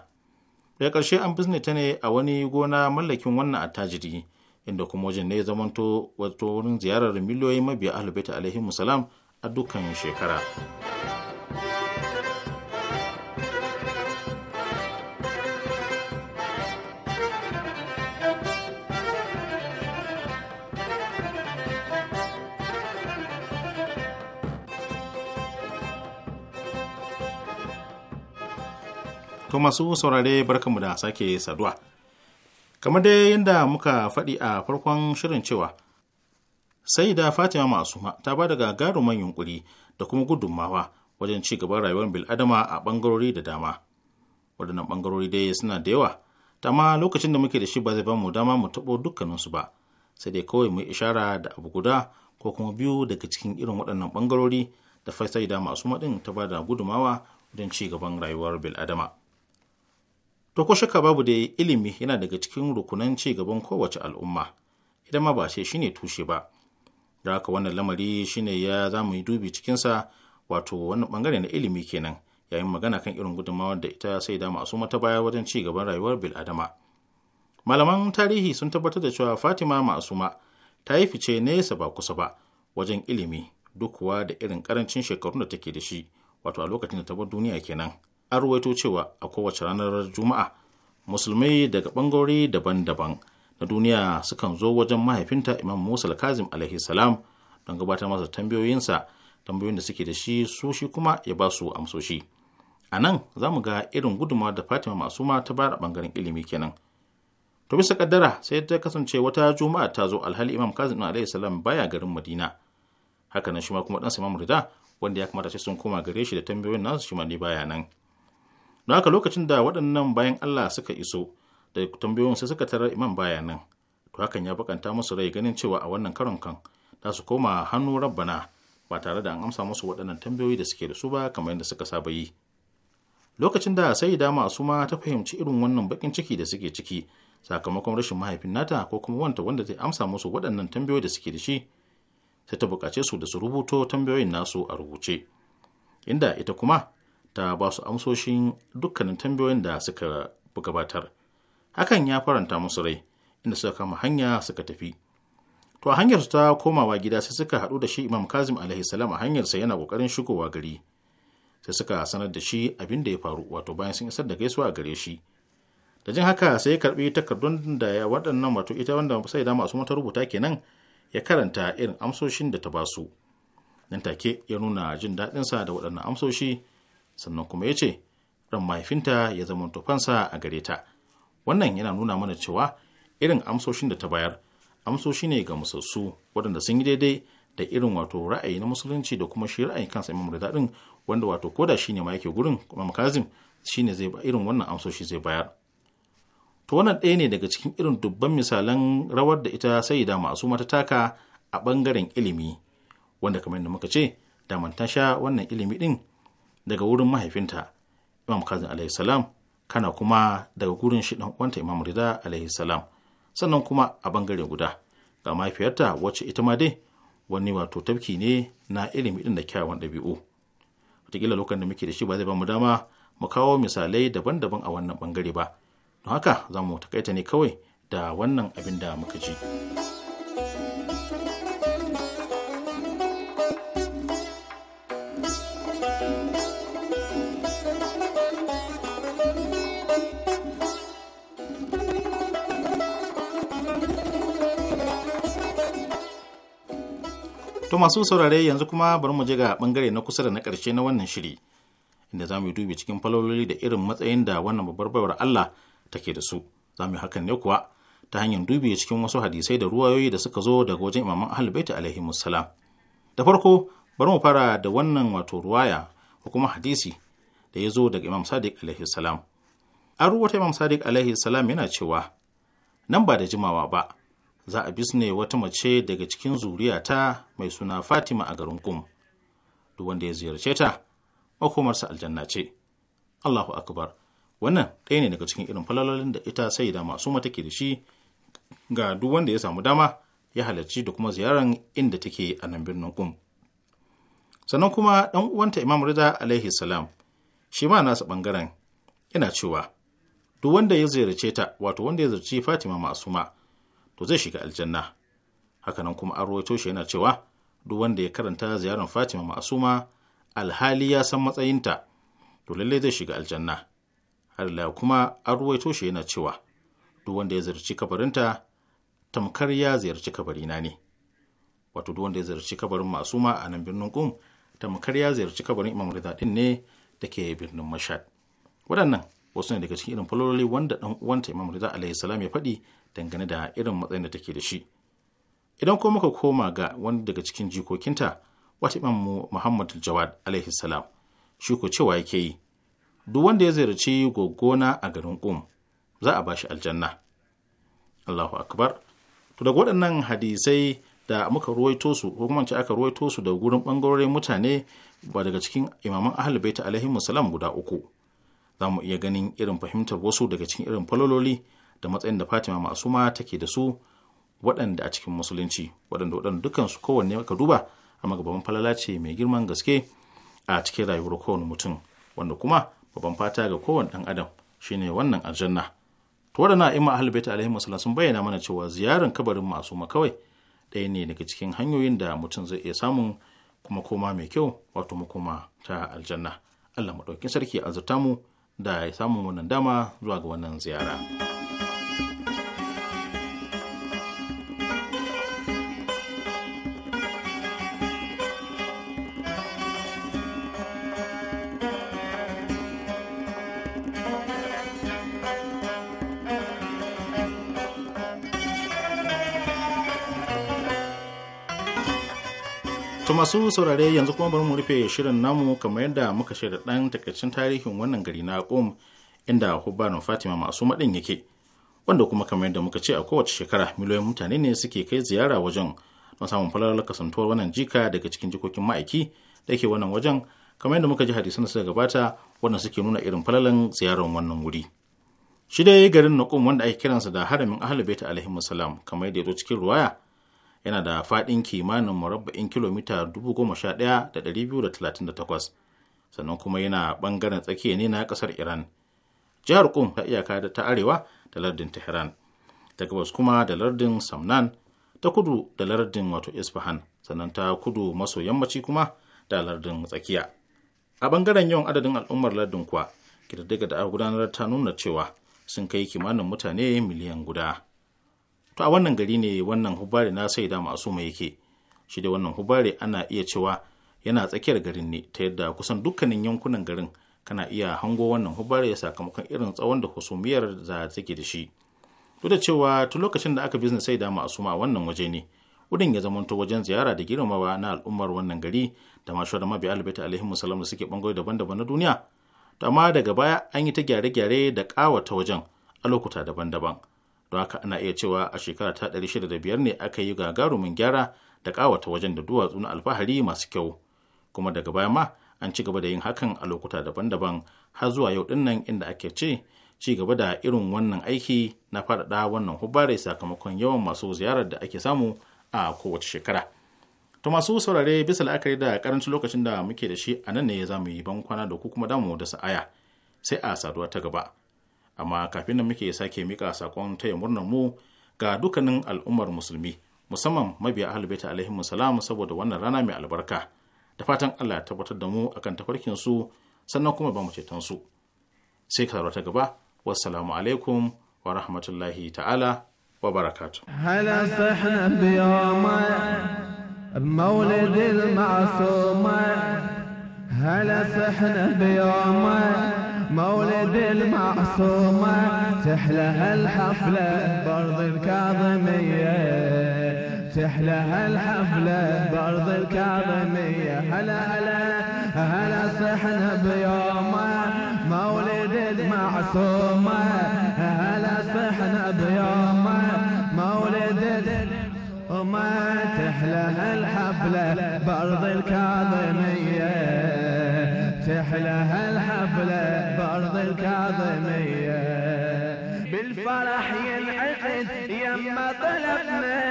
Daga karshe an bizne ta ne a wani gona mallakin wannan attajiri inda kuma wajen ne zamanto wato wurin ziyarar miliyoyin mabiya ahlul alaihi musalam a dukkan shekara. To masu saurare barkanmu da sake saduwa. kamar dai yadda muka faɗi a farkon shirin cewa sai da fatima masuma ta ba da gagarumin yunkuri da kuma gudunmawa wajen ci gaban rayuwar bil'adama a bangarori da dama waɗannan bangarori dai suna da yawa ta ma lokacin da muke da shi ba zai ba mu dama mu taɓo dukkaninsu ba sai dai kawai mu ishara da abu guda ko kuma biyu daga cikin irin waɗannan bangarori da da masu maɗin ta ba da gudumawa wajen ci gaban rayuwar bil'adama. To ko shaka babu da ilimi yana daga cikin rukunan ci gaban kowace al'umma, idan ma ba ce shine tushe ba. Da haka wannan lamari shine ya za mu yi dubi cikinsa wato wannan bangare na ilimi kenan yayin magana kan irin gudunmawar da ita sai da masu mata baya wajen ci gaban rayuwar bil'adama. Malaman tarihi sun tabbatar da cewa Fatima Ma'asuma ta yi fice nesa ba kusa ba wajen ilimi duk kuwa da irin karancin shekarun da take da shi wato a lokacin da ta bar duniya kenan. an ruwaito cewa a kowace ranar juma'a musulmai daga bangarori daban-daban na duniya sukan zo wajen mahaifinta imam musa kazim alaihi salam don gabatar masa tambayoyinsa tambayoyin da suke da shi su shi kuma ya ba su amsoshi a nan za mu ga irin gudunmawa da fatima masu ta bayar a bangaren ilimi kenan to bisa kaddara sai ta kasance wata juma'a ta zo alhali imam kazim alaihi salam baya garin madina haka nan shi ma kuma dan imam rida wanda ya kamata sai sun koma gare shi da tambayoyin nasu shi ma ne baya nan Don haka lokacin da waɗannan bayan Allah suka iso da tambayoyin sai suka tarar imam baya To hakan ya bakanta musu rai ganin cewa a wannan karon kan za su koma hannu rabbana ba tare da an amsa musu waɗannan tambayoyi da suke da su ba kamar yadda suka saba yi. Lokacin da sai dama su ma ta fahimci irin wannan bakin ciki da suke ciki sakamakon rashin mahaifin nata ko kuma wanta wanda zai amsa musu waɗannan tambayoyi da suke da shi sai ta buƙace su da su rubuto tambayoyin nasu a rubuce. Inda ita kuma ta ba su amsoshin dukkanin tambayoyin da suka gabatar hakan ya faranta musu rai inda suka kama hanya suka tafi to a hanyar ta komawa gida sai suka haɗu da shi imam kazim alaihi salam a hanyarsa yana ƙoƙarin shigowa gari sai suka sanar da shi abin da ya faru wato bayan sun isar da gaisuwa a gare shi da jin haka sai ya karbi takardun da ya waɗannan wato ita wanda sai da masu mata rubuta kenan ya karanta irin amsoshin da ta basu nan take ya nuna jin daɗinsa da waɗannan amsoshi sannan kuma ya ce ɗan mahaifinta ya zama tufansa a gare ta wannan yana nuna mana cewa irin amsoshin da ta bayar amsoshi ne ga musassu waɗanda sun yi daidai da irin wato ra'ayi na musulunci da kuma shi ra'ayin kansa imam rida daɗin wanda wato koda ne ma yake gurin makazim shi ne zai irin wannan amsoshi zai bayar to wannan ɗaya ne daga cikin irin dubban misalan rawar da ita sai da masu mata taka a ɓangaren ilimi wanda kamar yadda muka ce da sha wannan ilimi ɗin. daga wurin mahaifinta imam kazin alaihi salam kana kuma daga gurin shi dan uwanta imam rida alaihi sannan kuma a bangare guda ga mahaifiyarta wacce ita ma dai wani wato tafki ne na ilimi din da kyawun ɗabi'u wataƙila lokacin da muke da shi ba zai ba mu dama mu kawo misalai daban-daban a wannan bangare ba don haka za mu takaita ne kawai da wannan abin da muka ji. To masu saurare yanzu kuma bari mu je ga bangare na kusa da na ƙarshe na wannan shiri inda za mu yi dubi cikin falololi da irin matsayin da wannan babbar baiwar Allah take da su. Za mu yi hakan ne kuwa ta hanyar dubi cikin wasu hadisai da ruwayoyi da suka zo daga wajen imaman Ahlul Bait alaihi musallam. Da farko bari mu fara da wannan wato ruwaya ko kuma hadisi da ya zo daga Imam Sadiq alaihi salam. An ruwata Imam Sadiq alaihi salam yana cewa nan ba da jimawa ba za a bisne wata mace daga cikin zuriyata mai suna Fatima a garin kum Duk wanda ya ziyarce ta, makomarsa aljanna ce. Allahu Akbar. Wannan ɗaya ne daga cikin irin falalolin da ita sai da masu mata ke da shi ga duk wanda ya samu dama ya halarci da kuma ziyaran inda take a nan birnin kum Sannan kuma ɗan uwanta Imam Rida alaihi salam shi ma nasa bangaren yana cewa duk wanda ya ziyarce ta wato wanda ya ziyarci Fatima Masuma to zai shiga aljanna hakanan kuma an rawaito shi yana cewa duk wanda ya karanta ziyarar fatima ma'asuma alhali ya san matsayinta to lallai zai shiga aljanna har ila kuma an ruwaito shi yana cewa duk wanda ya ziyarci kabarinta tamkar ya ziyarci kabarina ne wato duk wanda ya ziyarci kabarin masuma a nan birnin kum tamkar ya ziyarci kabarin imam rida din ne da ke birnin mashad waɗannan wasu ne daga cikin irin falololi wanda ɗan uwanta imam rida alayhi salam ya faɗi dangane da irin matsayin da take da shi idan kuma muka koma ga wani daga cikin jikokinta wata mu muhammad jawad alaihi salam shi ko cewa yake yi duk wanda ya ziyarci gogona a garin ƙum za a bashi aljanna allahu akbar to daga waɗannan hadisai da muka ruwaito su ko aka ruwaito su da gurin ɓangarorin mutane ba daga cikin imaman ahal baita alaihi salam guda uku za mu iya ganin irin fahimtar wasu daga cikin irin falololi da matsayin da fatima masuma take da su waɗanda a cikin musulunci waɗanda waɗanda dukansu kowanne ka duba a gaban falala ce mai girman gaske a cikin rayuwar kowane mutum wanda kuma babban fata ga kowane ɗan adam shine wannan aljanna to waɗannan imma ahlul bait alaihi wasallam sun bayyana mana cewa ziyarar kabarin masuma kawai ɗaya ne daga cikin hanyoyin da mutum zai iya samun kuma koma mai kyau wato makoma ta aljanna Allah maɗaukin sarki azurta mu da samun wannan dama zuwa ga wannan ziyara. masu saurare yanzu kuma bari mu rufe shirin namu kamar yadda muka shirya dan takaicin tarihin wannan gari na Qom inda hubbanin Fatima masu maɗin yake. Wanda kuma kamar yadda muka ce a kowace shekara miliyoyin mutane ne suke kai ziyara wajen don samun falalar kasantuwar wannan jika daga cikin jikokin ma'aiki da ke wannan wajen kamar yadda muka ji hadisan da suka gabata wannan suke nuna irin falalan ziyarar wannan wuri. Shi dai garin Naqum wanda ake kiransa da haramin Ahlul Bait alaihi salam kamar yadda ya zo cikin ruwaya yana da fadin kimanin murabba'in kilomita 11,238 sannan kuma yana ɓangaren tsakiya ne na ƙasar iran jihar kum ta iyaka da ta arewa da lardin tehran ta gabas kuma da lardin samnan ta kudu da lardin wato isfahan sannan ta kudu maso yammaci kuma da lardin tsakiya a bangaren yawan adadin al'ummar lardin kuwa kididdiga da aka gudanar ta nuna cewa sun kai kimanin mutane miliyan guda to a wannan gari ne wannan hubare na sai da masu mai yake shi da wannan hubare ana iya cewa yana tsakiyar garin ne ta yadda kusan dukkanin yankunan garin kana iya hango wannan hubare sakamakon irin tsawon da husumiyar da take da shi duk da cewa tun lokacin da aka bizne sai da masu ma wannan waje ne wurin ya zamanto wajen ziyara da girmamawa na al'ummar wannan gari da masu da mabiya albaita alaihi musallam da suke bangare daban-daban na duniya to amma daga baya an yi ta gyare-gyare da kawata wajen a lokuta daban-daban don haka ana iya cewa a shekara ta ɗari shida biyar ne aka yi gagarumin gyara da ƙawata wajen da duwatsu na alfahari masu kyau kuma daga baya ma an ci gaba da yin hakan a lokuta daban-daban har zuwa yau dinnan inda ake ce ci gaba da irin wannan aiki na faɗaɗa wannan hubare sakamakon yawan masu ziyarar da ake samu a kowace shekara. To masu saurare bisa la'akari da karancin lokacin da muke da shi a nan ne za mu yi bankwana da ku kuma damu da sa'aya sai a saduwa ta gaba. amma kafin nan muke sake mika sakon taya murnar mu ga dukkanin al'ummar musulmi musamman mabiya ahlul baiti alaihimu salam saboda wannan rana mai albarka da fatan Allah ya tabbatar da mu akan tafarkin su sannan kuma ba mu ceton su sai ka ta gaba wassalamu alaikum wa rahmatullahi ta'ala wa barakatuh مولد المعصومة تحلى الحفلة برض الكاظمية تحلى هالحفلة برض الكاظمية هلا هلا هلا صحنا بيومه مولد المعصومة هلا صحنا بيومه مولد وما تحلى هالحفلة برض الكاظمية تحلى هالحفلة الأرض الكاظمية بالفرح ينعقد يما طلبنا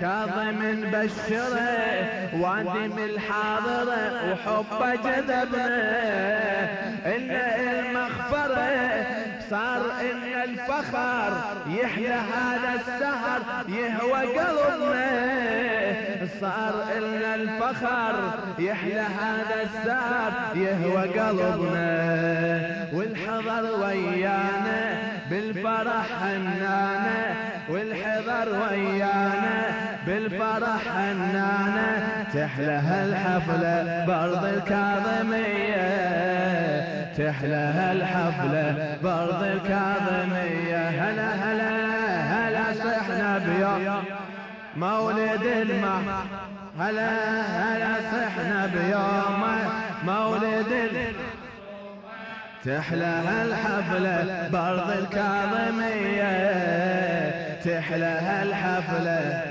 كاظم بشره الحاضرة وحبه جذبنا إلا المغفرة صار ان الفخر يحلى هذا السهر يهوى قلبنا صار ان الفخر يحلى هذا السهر يهوى قلبنا والحضر ويانا بالفرح هنانا والحضر ويانا بالفرح هنانا تحلى هالحفلة برض الكاظمية تحلى الحفلة برض الكاظمية هلا هلا هلا صحنا بيوم مولد المح هلا هلا صحنا بيوم مولد تحلى الحفلة برض الكاظمية تحلى الحفلة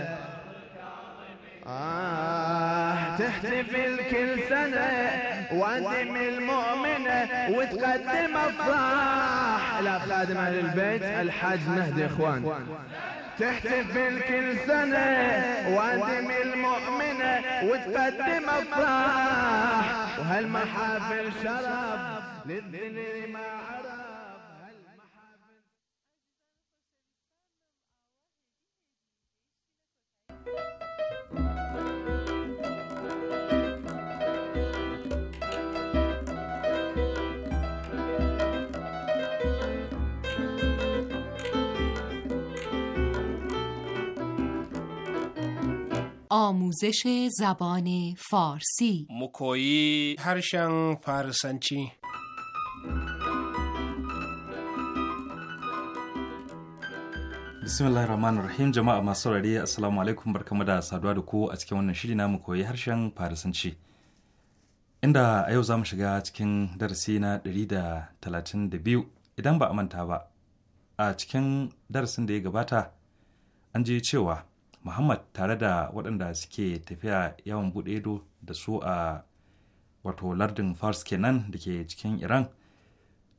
آه تحتفل كل سنة وانتم المؤمنة وتقدم افراح لأفلاد أهل البيت الحاج مهدي إخوان تحتفل كل سنة وانتم المؤمنة وتقدم افراح وهالمحافل شرف للذنب ما عرف Thank you. آموزش زبان فارسی harshen هرشن فارسنچی bismillahir rahmanir rahim jama'a masu saurari assalamu alaikum barkamu da saduwa da ku a cikin wannan shiri na mu koyi harshen farisanci inda a yau za mu shiga cikin darasi na ɗari da biyu idan ba a manta ba a cikin darasin da ya gabata an je cewa muhammad tare da waɗanda suke tafiya yawan buɗe ido da su a wato lardin fars kenan da ke cikin iran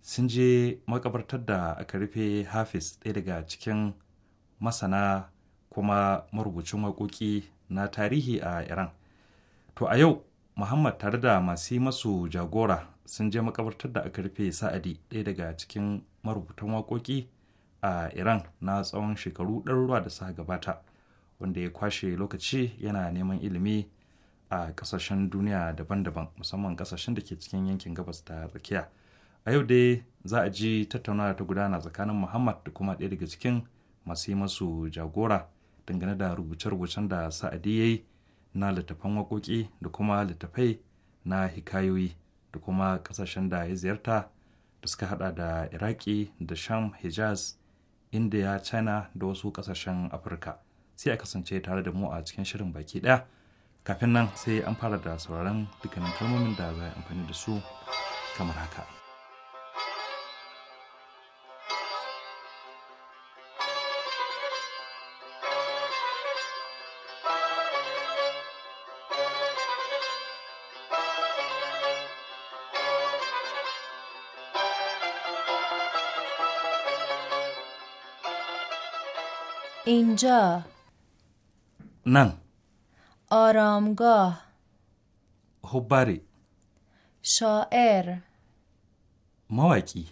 sun je makabartar da aka rufe hafiz ɗaya daga cikin masana kuma marubucin waƙoƙi na tarihi a iran to a yau muhammad tare da masu masu jagora sun je makabartar da aka rufe sa'adi ɗaya daga cikin marubutan waƙoƙi a iran na tsawon shekaru ɗaruruwa da suka gabata wanda ya kwashe lokaci yana neman ilimi a kasashen duniya daban-daban musamman kasashen da ke cikin yankin gabas ta tsakiya a yau dai za a ji tattaunawa ta gudana tsakanin muhammad da kuma ɗaya daga cikin masu yi masu jagora dangane da rubuce-rubucen da sa'adi ya yi na littafan waƙoƙi da kuma littafai na hikayoyi da kuma ƙasashen da ya ziyarta da suka hada da iraki da sham hijaz india china da wasu ƙasashen afirka sai a kasance tare da mu a cikin shirin baki ɗaya kafin nan sai an fara da sauraron dukkanin kalmomin da za a amfani da su kamar haka. اینجا نن آرامگاه هوباری شاعر مواکی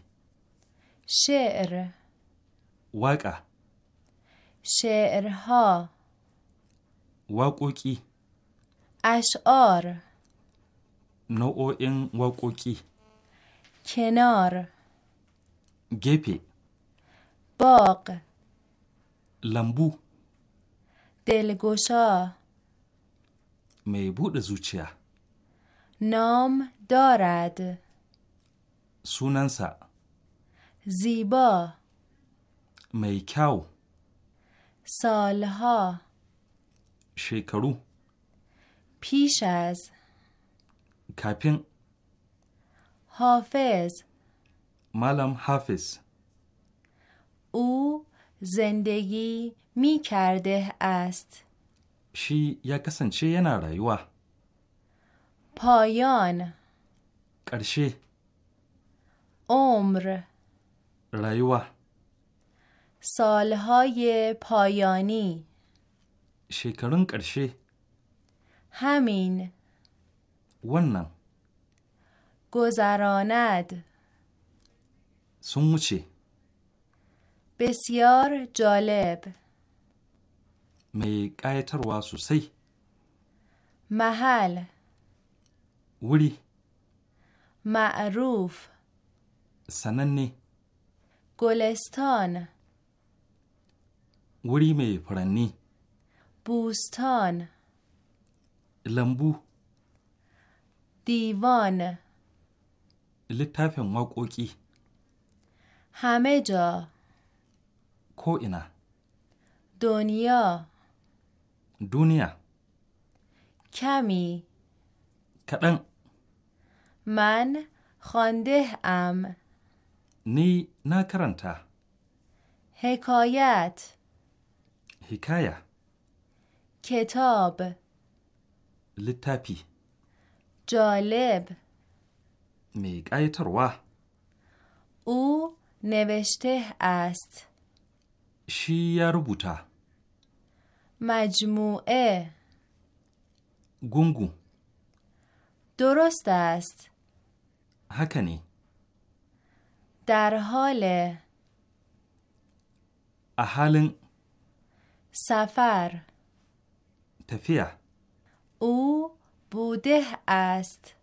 شعر واقع شعرها واقوکی اشعار نوعین واقوکی کنار گپی باغ لمبو دلگشا می بود زوچیا نام دارد سوننسا زیبا میکاو سالها شکرو پیش از کپین حافظ ملم حافظ او زندگی می کرده است شی یا کسنچه یه رایوه پایان قرشه عمر رایوه سالهای پایانی کرن قرشه همین ونن گذراند سموچی بسیار جالب mai ƙayatarwa sosai. Mahal Wuri Ma'aruf Sananne Goleston Wuri mai furanni Buston Lambu دیوان littafin waƙoƙi hameja ko'ina ko ina دنیا کمی کدن من خانده ام نی نکرنتا حکایت حکایه کتاب لتاپی جالب میگایتروا او نوشته است شی یا مجموعه گونگو درست است هکنی در حال احال سفر تفیه او بوده است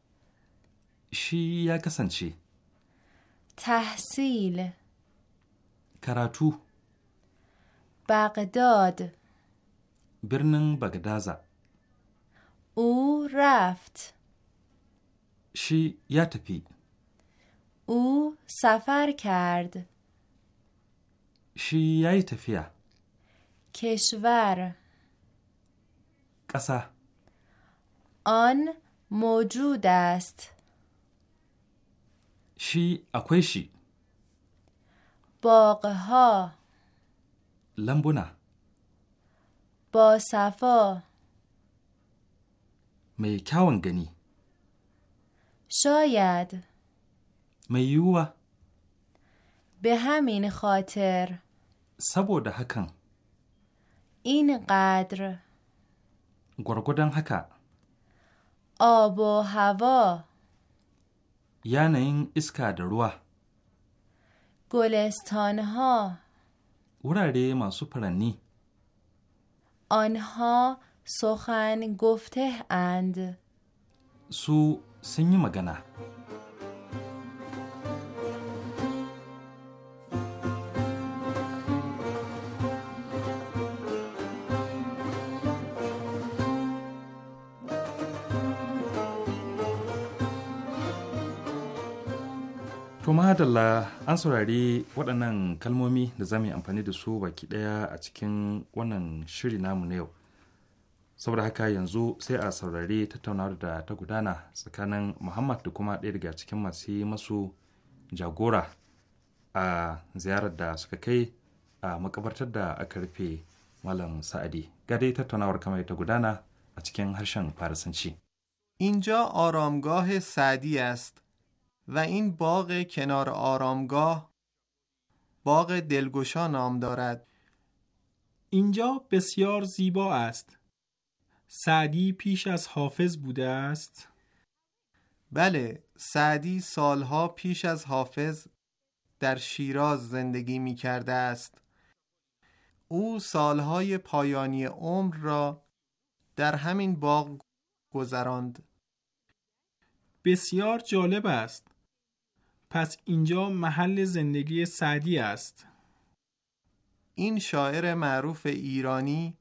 شی یا تحصیل کراتو بغداد برنن بغدازا او رفت شی یا او سفر کرد شی یای تفیه کشور قصه آن موجود است شی اکوی شی باغها لمبونه صفا می کون گنی شاید میوا به همین خاطر سبود هکن این قدر گرگودن هکا آب و هوا یعنی این اسکاد روا گلستان ها وراره ما سپرنی آنها سخن گفته اند سو سنی مگنه To madalla an saurari waɗannan kalmomi da za mu yi amfani da su baki ɗaya a cikin wannan shiri namu na yau. Saboda haka yanzu sai a saurari tattaunawar da ta gudana tsakanin Muhammad da kuma ɗaya daga cikin masu masu jagora a ziyarar da suka kai a makabartar da aka rufe Malam Sa'adi. Ga dai tattaunawar kamar ta gudana a cikin harshen Farisanci. injo aramgah سعدی است. و این باغ کنار آرامگاه باغ دلگشا نام دارد اینجا بسیار زیبا است سعدی پیش از حافظ بوده است بله سعدی سالها پیش از حافظ در شیراز زندگی می کرده است او سالهای پایانی عمر را در همین باغ گذراند بسیار جالب است پس اینجا محل زندگی سعدی است این شاعر معروف ایرانی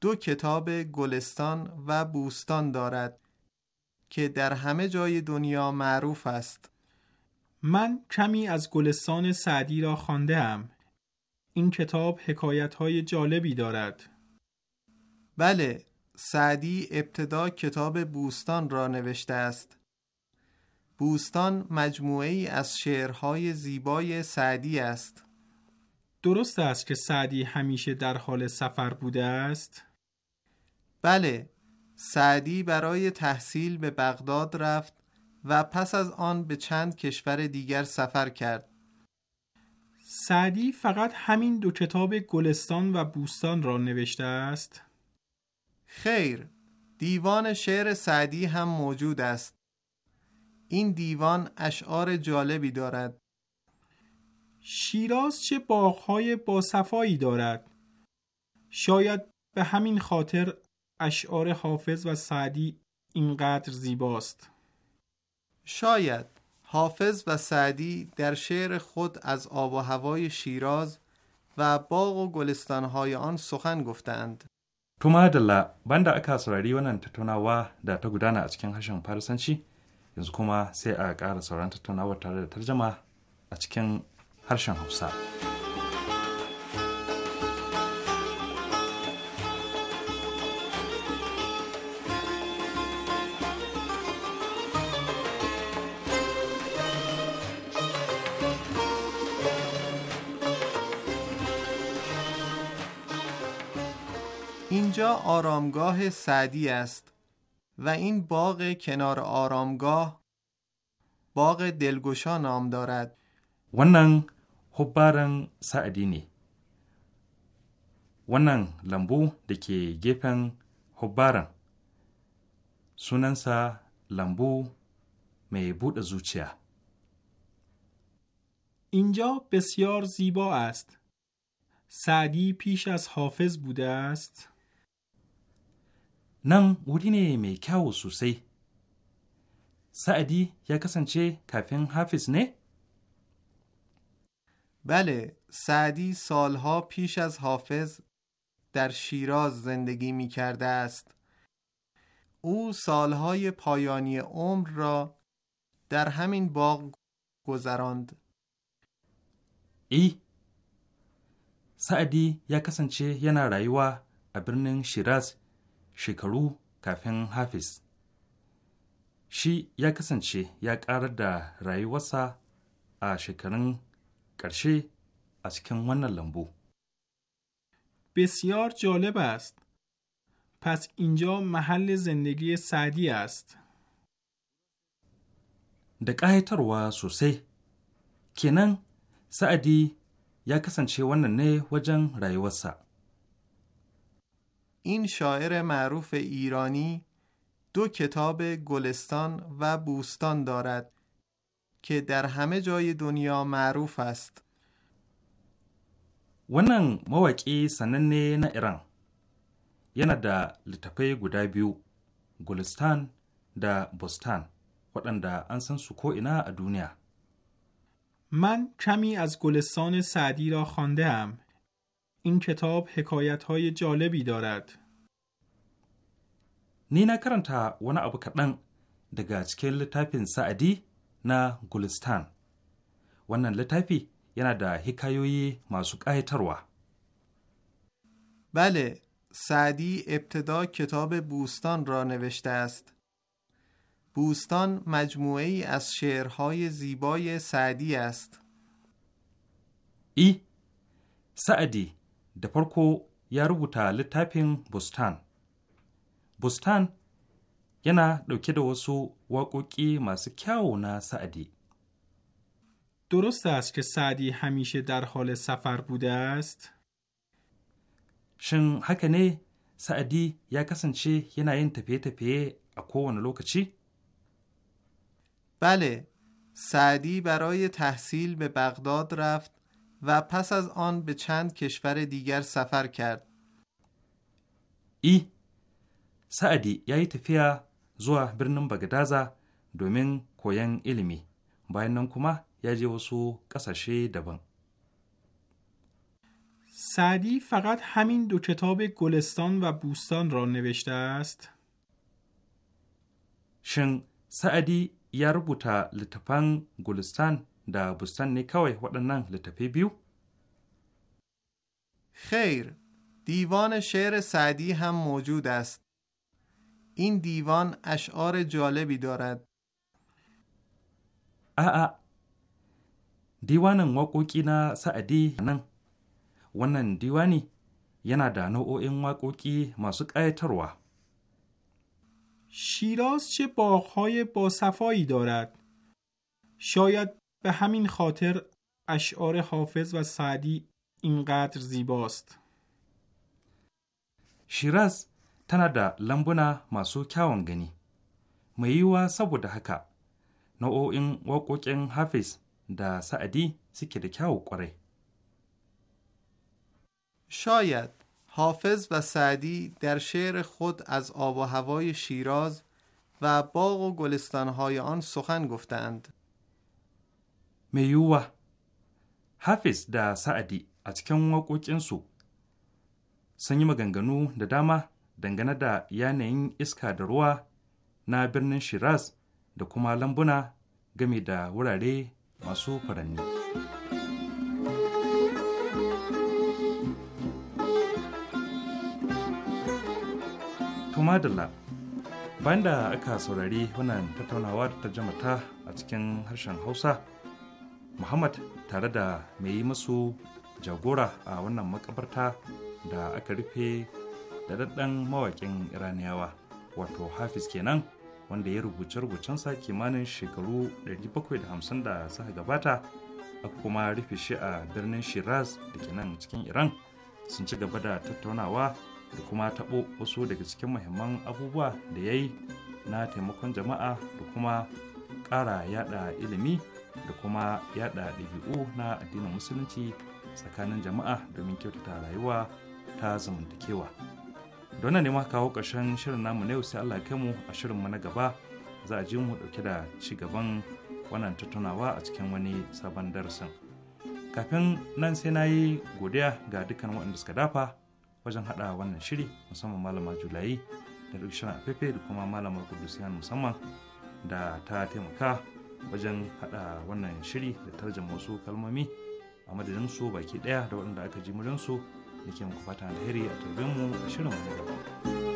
دو کتاب گلستان و بوستان دارد که در همه جای دنیا معروف است من کمی از گلستان سعدی را خانده هم. این کتاب حکایت های جالبی دارد بله سعدی ابتدا کتاب بوستان را نوشته است بوستان مجموعه ای از شعرهای زیبای سعدی است. درست است که سعدی همیشه در حال سفر بوده است؟ بله، سعدی برای تحصیل به بغداد رفت و پس از آن به چند کشور دیگر سفر کرد. سعدی فقط همین دو کتاب گلستان و بوستان را نوشته است؟ خیر، دیوان شعر سعدی هم موجود است. این دیوان اشعار جالبی دارد شیراز چه باغهای باصفایی دارد شاید به همین خاطر اشعار حافظ و سعدی اینقدر زیباست شاید حافظ و سعدی در شعر خود از آب و هوای شیراز و باغ و گلستانهای آن سخن گفتند تو madalla بند aka saurari و tattaunawa و در تا a از yanzu kuma sai a ƙara sauran tattaunawar tare da tarjama a cikin harshen hausa اینجا آرامگاه سعدی است و این باغ کنار آرامگاه باغ دلگشا نام دارد ونن حبارن سعدی نه ونن لمبو دکی گیپن حبارن سننسا لمبو می بود زوچیا اینجا بسیار زیبا است سعدی پیش از حافظ بوده است nan wuri ne mai kyawu sosai. سعدی یا کسنچه کافین حافظ نه؟ بله سعدی سالها پیش از حافظ در شیراز زندگی می کرده است او سالهای پایانی عمر را در همین باغ گذراند ای سعدی یا کسنچه یه رایوا ابرنن شیراز shekaru kafin Hafiz. Shi ya kasance ya ƙarar da rayuwarsa a shekarun ƙarshe a cikin wannan lambu. بسیار jolibast, pas پس mahalli zindigi زندگی da ƙayatarwa sosai. Kenan, Sa'adi ya kasance wannan ne wajen rayuwarsa. این شاعر معروف ایرانی دو کتاب گلستان و بوستان دارد که در همه جای دنیا معروف است. wannan mawaƙi sananne na Iran yana da littafai guda biyu Gulistan da Bostan waɗanda an san su ko'ina a duniya. من کمی از گلستان سعدی را خوانده ام این کتاب حکایت های جالبی دارد. نی نا تا ونی ابو کدن دگا cikin littafin سعدی نا گلستان. wannan littafi yana da hikayoyi masu ƙayatarwa. بله، سعدی ابتدا کتاب بوستان را نوشته است. بوستان مجموعه ای از شعرهای زیبای سعدی است. ای سعدی da farko ya rubuta littafin Bustan. Bustan yana ɗauke da wasu waƙoƙi masu درست است که سعدی همیشه در حال سفر بوده است؟ شن هکنه سعدی یا کسنچه یه ناین تپه تپه اکوان لوکچی؟ بله سعدی برای تحصیل به بغداد رفت و پس از آن به چند کشور دیگر سفر کرد. ای سعدی یای تفیا زوا برنم بگدازا دومین کوین علمی باین نان کما یجی وسو قساشه سعدی فقط همین دو کتاب گلستان و بوستان را نوشته است شن سعدی یا ربوتا لتفان گلستان da bustan ne kawai waɗannan littattafai biyu? خیر دیوان شعر سعدی هم موجود است این دیوان اشعار جالبی دارد آآ دیوان واقوکی نا سعدی نن wannan diwani yana da nau'o'in waƙoƙi masu ƙayatarwa. شیراز چه باغهای باصفایی دارد شاید به همین خاطر اشعار حافظ و سعدی اینقدر زیباست شیراز تنها da lambuna ماسو kyawun گنی mai yiwuwa هکا او این waƙoƙin حافظ دا سعدی سکی da kyawu شاید حافظ و سعدی در شعر خود از آب و هوای شیراز و باغ و گلستانهای آن سخن گفتند mai yiwuwa hafiz da sa'adi a cikin waƙoƙinsu sun yi maganganu da dama dangane da yanayin iska da ruwa na birnin shiraz da kuma lambuna game da wurare masu furanni. Tumadala bayan da aka saurari wannan tattaunawa da ta jamata a cikin harshen Hausa muhammad tare da mai yi masu jagora a wannan makabarta da aka rufe da daddan mawakin iraniyawa wato hafiz kenan wanda ya rubuce rubucensa kimanin shekaru 750 da suka gabata aka kuma rufe shi a birnin shiraz da ke nan cikin iran sun ci gaba da tattaunawa da kuma taɓo wasu daga cikin muhimman abubuwa da ya yi na taimakon jama'a da kuma ƙara yada ilimi da kuma yada ɗabi'u na addinin musulunci tsakanin jama'a domin kyautata rayuwa ta zamantakewa don ne ma kawo ƙarshen shirin namu na yau sai Allah kai mu a shirinmu na gaba za a ji mu ɗauke da ci gaban wannan tattaunawa a cikin wani sabon darasin kafin nan sai na yi godiya ga dukkan waɗanda suka dafa wajen haɗa wannan shiri musamman malama julayi da duk shirin afefe da kuma malamar kudusiyan musamman da ta taimaka wajen haɗa wannan shiri da tarjan wasu kalmomi a madadin su baki daya da waɗanda aka ji murinsu da ke muku fatan alheri a turbin mu a shirin wani gaba.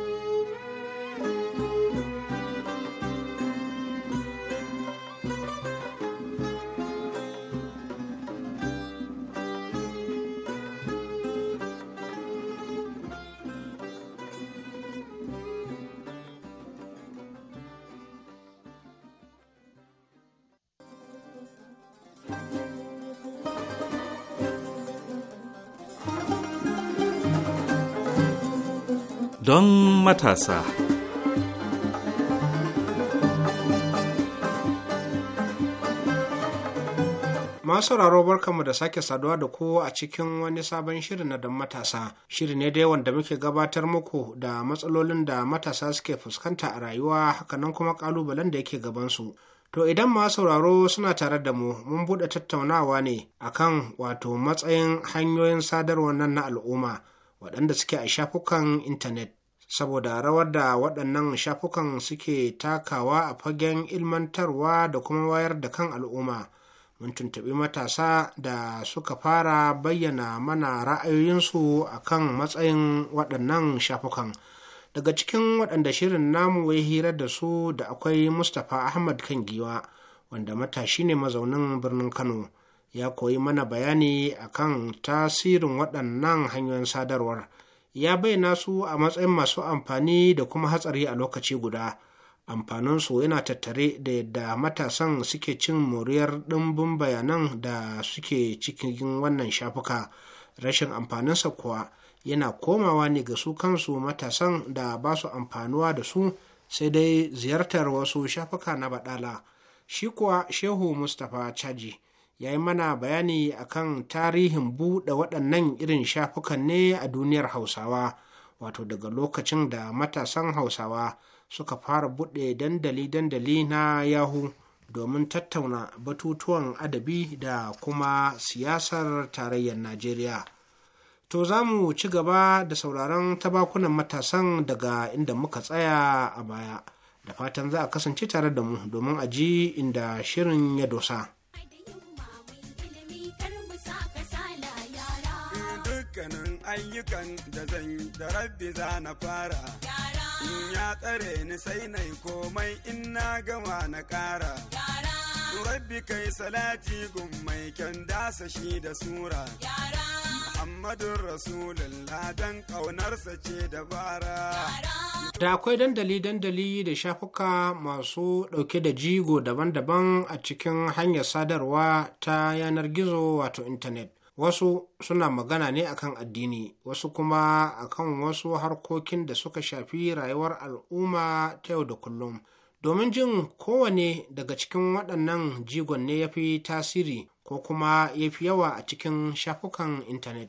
matasa. Masu raro kanmu da sake saduwa da ku a cikin wani sabon shirin na don matasa. Shiri ne dai wanda muke gabatar muku da matsalolin da matasa suke fuskanta a rayuwa hakanan kuma kalubalen da yake gabansu. To idan ma sauraro suna tare da mu mun buɗe tattaunawa ne a kan wato matsayin hanyoyin sadarwa nan na al'umma waɗanda suke a shafukan intanet saboda rawar da waɗannan shafukan suke takawa a fagen ilmantarwa da kuma wayar da kan al'umma mun tuntuɓi matasa da suka fara bayyana mana ra'ayoyinsu a kan matsayin waɗannan shafukan daga cikin waɗanda shirin namu ya hira da su da akwai mustapha ahmad kan giwa wanda matashi ne mazaunin birnin kano ya koyi mana bayani akan tasirin waɗannan hanyoyin sadarwar ya bayyana su a matsayin masu amfani da kuma hatsari a lokaci guda amfaninsu yana tattare da yadda matasan suke cin moriyar ɗimbin bayanan da suke cikin wannan shafuka rashin amfaninsa kuwa yana komawa ne ga su kansu matasan da ba su amfanuwa da su sai dai ziyartar wasu shafuka na baɗala shi kuwa shehu mustapha Chaji. ya yi mana bayani akan tarihin buɗe waɗannan irin shafukan ne a duniyar hausawa wato daga lokacin da matasan hausawa suka fara buɗe dandali-dandali na yahu domin tattauna batutuwan adabi da kuma siyasar tarayyar najeriya to za mu ci gaba da sauraron tabakunan matasan daga inda muka tsaya a baya da fatan za a kasance tare da mu domin a ji inda shirin ya dosa. ayyukan da zan da rabbi za na fara in ya tsare ni sai na yi komai in na gama na ƙara rabbi kai salati gun mai kyan dasa shi da sura Muhammadun Rasulullah dan ƙaunarsa ce dabara. Da akwai dandali-dandali da shafuka masu ɗauke da jigo daban-daban a cikin hanyar sadarwa ta yanar gizo wato intanet. wasu suna magana ne akan addini wasu kuma akan wasu harkokin da suka shafi rayuwar al'umma ta yau da kullum domin jin kowane daga cikin waɗannan jigon ne ya fi tasiri ko kuma ya fi yawa a cikin shafukan intanet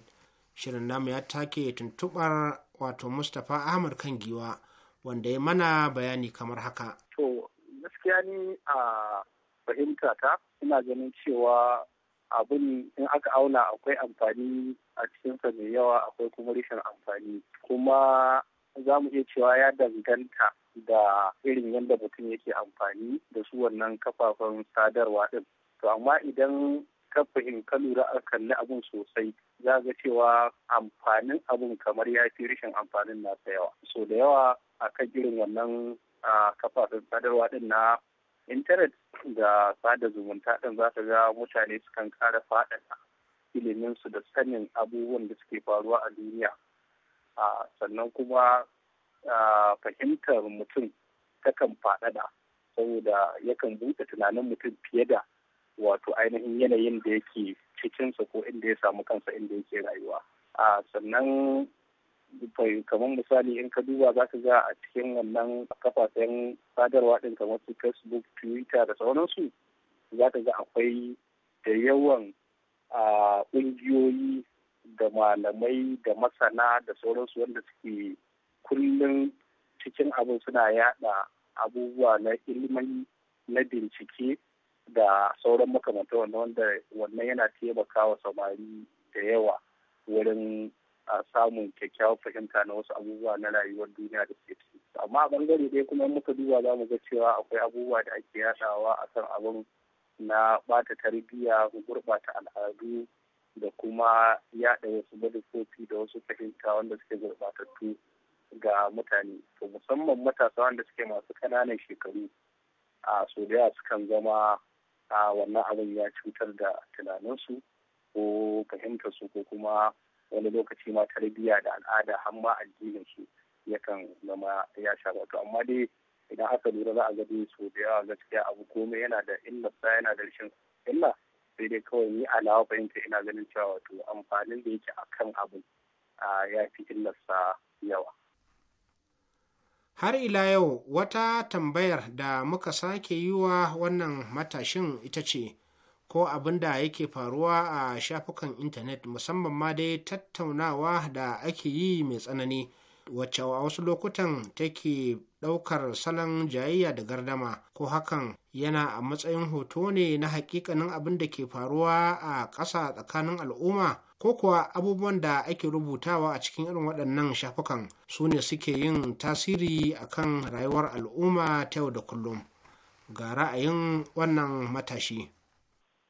shirin namu ya take tuntubar wato mustapha ahmad kan giwa wanda ya mana bayani kamar haka to gaskiya ni a fahimta ta ina ganin cewa abin in aka auna akwai amfani a cikinsa mai yawa akwai kuma rashin amfani kuma za mu iya cewa ya danganta da irin yadda mutum yake amfani da su wannan kafafen sadarwa din to amma idan ka fahimta lura a kalli abun sosai za ga cewa amfanin abin kamar ya fi rashin amfanin nasa yawa so da yawa a kan irin wannan kafafen sadarwa din na intanet da sada zumunta ɗin za ta ga mutane sukan ƙara faɗaɗa iliminsu da sanin abubuwan da suke faruwa a duniya sannan kuma fahimtar mutum takan faɗaɗa saboda yakan buɗe tunanin mutum fiye da wato ainihin yanayin da yake cikinsa ko inda ya samu kansa inda yake rayuwa sannan kamar misali in ka duba za ka ga a cikin wannan kafafen sadarwa ɗin kamar su facebook twitter da sauransu za ka ga akwai da yawan ƙungiyoyi da malamai da masana da sauransu wanda suke kullum cikin abin suna yada abubuwa na ilimin na bincike da sauran makamanta wanda wannan yana taimakawa samari da yawa wurin a samun kyakkyawar fahimta na wasu abubuwa na rayuwar duniya da ke amma a bangare dai kuma muka duba za mu ga cewa akwai abubuwa da ake yaɗawa a kan abin na ɓata tarbiyya gurɓata al'adu da kuma yaɗa wasu madafofi da wasu fahimta wanda suke gurɓatattu ga mutane to musamman matasa wanda suke masu ƙananan shekaru a sodaya sukan zama a wannan abin ya cutar da tunaninsu ko fahimtarsu ko kuma wani lokaci ma tarbiyya da al'ada hamma ma addinin shi yakan zama ya sha wato amma dai idan aka lura za a ga dai so da yawa gaskiya abu komai yana da illa sa yana da rashin illa sai dai kawai ni alawa fahimta ina ganin cewa wato amfanin da yake akan abu ya fi illarsa yawa. Har ila yau wata tambayar da muka sake yi wa wannan matashin ita ce, ko abin da yake faruwa a shafukan intanet musamman ma dai tattaunawa da ake yi mai tsanani wacce a wasu lokutan take ɗaukar salon jayayya da gardama ko hakan yana a matsayin hoto ne na hakikanin abin da ke faruwa a ƙasa tsakanin al'umma ko kuwa abubuwan da ake rubutawa a cikin irin waɗannan shafukan su ne suke yin tasiri a kan rayuwar al'umma ta yau da kullum ga ra'ayin wannan matashi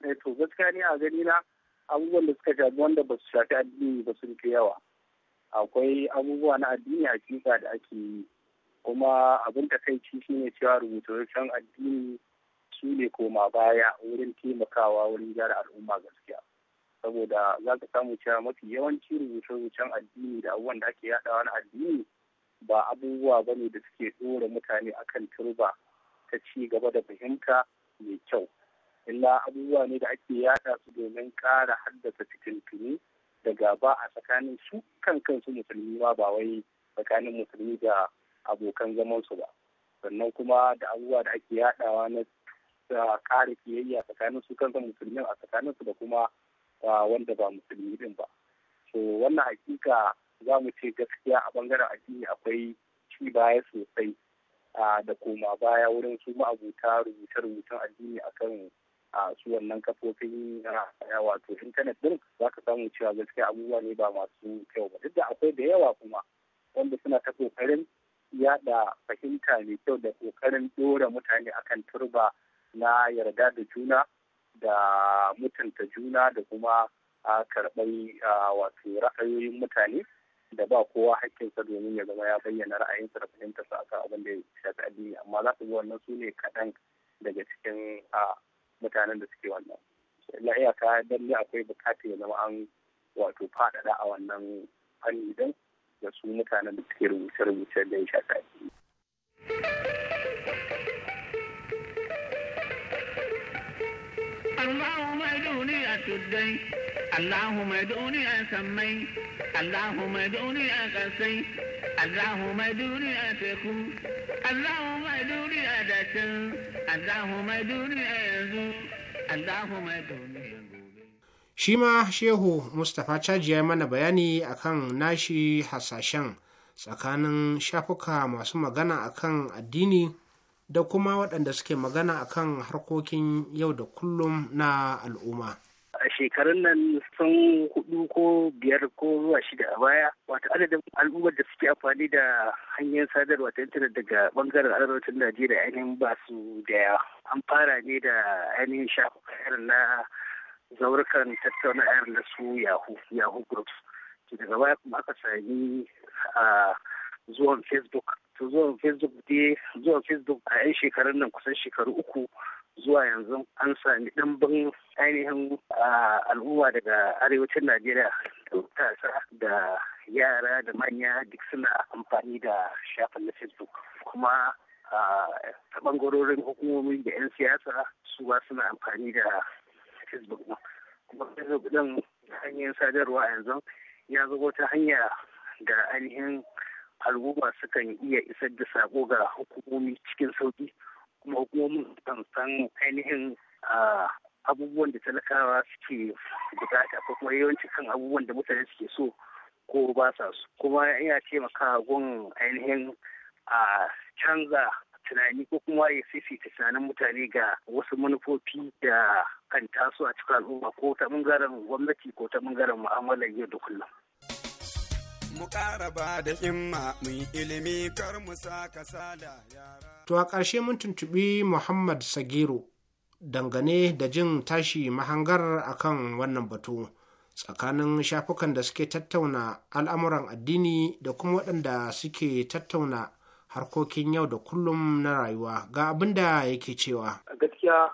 Eh, to gaskiya ne a gani na abubuwan da suka shafi wanda ba su shafi addini ba sun fi yawa akwai abubuwa na addini a kisa da ake yi kuma abin takaici shine cewa rubutaccen addini su ne koma baya wurin taimakawa wurin gyara al'umma gaskiya saboda za ka samu cewa mafi yawanci rubuce-rubucen addini da abubuwan da ake yaɗawa na addini ba abubuwa ba ne da suke ɗora mutane akan turba ta ci gaba da fahimta mai kyau illa abubuwa ne da ake yada su domin kara haddasa fitintuni daga ba a tsakanin su kan kansu musulmi ma ba wai tsakanin musulmi da abokan zamansu ba sannan kuma da abubuwa da ake yadawa na kare kiyayya tsakanin su kansu musulmi a tsakanin su da kuma wanda ba musulmi din ba so wannan hakika za mu ce gaskiya a bangaren addini akwai ci baya sosai da koma baya wurin su ma'abuta rubuce-rubucen addini akan a su wannan kafofin wato intanet din za ka samu cewa gaskiya abubuwa ne ba masu kyau ba duk da akwai da yawa kuma wanda suna ta kokarin yada fahimta mai kyau da kokarin dora mutane akan turba na yarda da juna da mutunta juna da kuma a karɓar wato ra'ayoyin mutane da ba kowa hakkinsa domin ya zama ya bayyana ra'ayinsa da fahimtarsa akan abin da ya shafi addini amma za su ga wannan su ne kaɗan daga cikin mutanen da suke wannan iya ka dalle akwai bukatar ya zama an wato faɗaɗa a wannan fanni don da su mutanen da suke rubuce-rubuce da ya shafa اللهم a tuddai. اللهم ادعوني أسمي اللهم ادعوني أقصي اللهم ادعوني أتكو اللهم ادعوني أدتن اللهم ادعوني أيزو اللهم ادعوني Shi ma Shehu Mustapha Caji ya mana bayani akan nashi hasashen tsakanin shafuka masu magana akan addini da kuma waɗanda suke magana akan harkokin yau da kullum na al'umma. a shekarun nan sun hudu ko biyar ko zuwa shida a baya Wata adadin al'ummar da suke amfani da hanyar sadarwa ta intanet daga bangaren arewacin najeriya ainihin ba su da yawa an fara ne da ainihin shafuka irin na zaurukan tattauna ayar na su yahoo yahoo groups daga baya kuma aka sami a zuwan facebook to zuwan facebook dai zuwan facebook a 'yan shekarun nan kusan shekaru uku zuwa yanzu an sami ɗimbin ainihin ah, al'umma daga arewacin najeriya matasa da yara da manya duk suna amfani da shafin na facebook kuma ah, ta ɓangarorin hukumomi da 'yan siyasa su ba suna amfani da facebook kuma facebook ɗin hanyar sadarwa yanzu ya zama ta hanya da ainihin al'umma sukan iya isar da sako ga hukumomi cikin sauki kuma hukumomin kan san ainihin ah, abubuwan da talakawa suke bukata ko kuma yawanci kan abubuwan da mutane suke so ko ba sa su kuma ina taimakawa gun ainihin a ah, canza tunani ko kuma ya fifita tunanin mutane ga wasu manufofi da kan taso a cikin al'umma ko ta bangaren gwamnati ko ta bangaren mu'amalar yau da kullum. mu ƙara ba da himma mu yi ilimi kar mu saka sada. yara. To a ƙarshe mun tuntuɓi Muhammad Sagiru dangane da jin tashi mahangar akan wannan batu tsakanin shafukan da suke tattauna al'amuran addini da kuma waɗanda suke tattauna harkokin yau da kullum na rayuwa ga abin da yake cewa. Gaskiya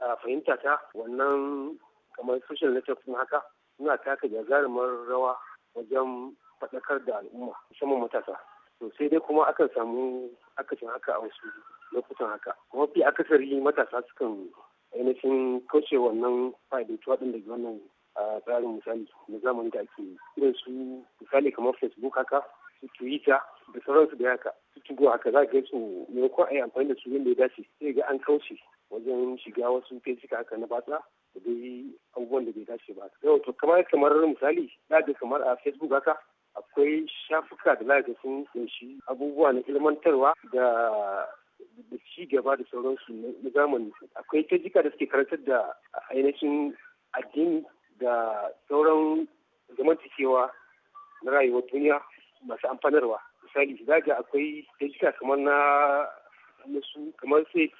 a fahimta ta wannan kamar social network haka suna taka jagarumar rawa wajen faɗakar da al'umma musamman matasa to sai dai kuma aka samu akasin haka a wasu lokutan haka kuma fi akasari matasa sukan ainihin kauce wannan fa'idatuwa ɗin daga wannan tsarin misali na zamani da ake irin su misali kamar facebook haka su twitter da sauransu da haka su tugo haka za ga su maimakon a yi amfani da su yadda ya dace sai ga an kauce wajen shiga wasu fesika haka na batsa da dai abubuwan da bai dace ba yau to kamar kamar misali za ga kamar a facebook haka akwai shafuka da za sun kunshi abubuwa na ilmantarwa da da ci gaba da sauransu na zamani akwai tajika da suke karantar da ainihin addini da sauran zamantakewa na rayuwar duniya masu amfanarwa misali zaga akwai tajika kamar na musu kamar sai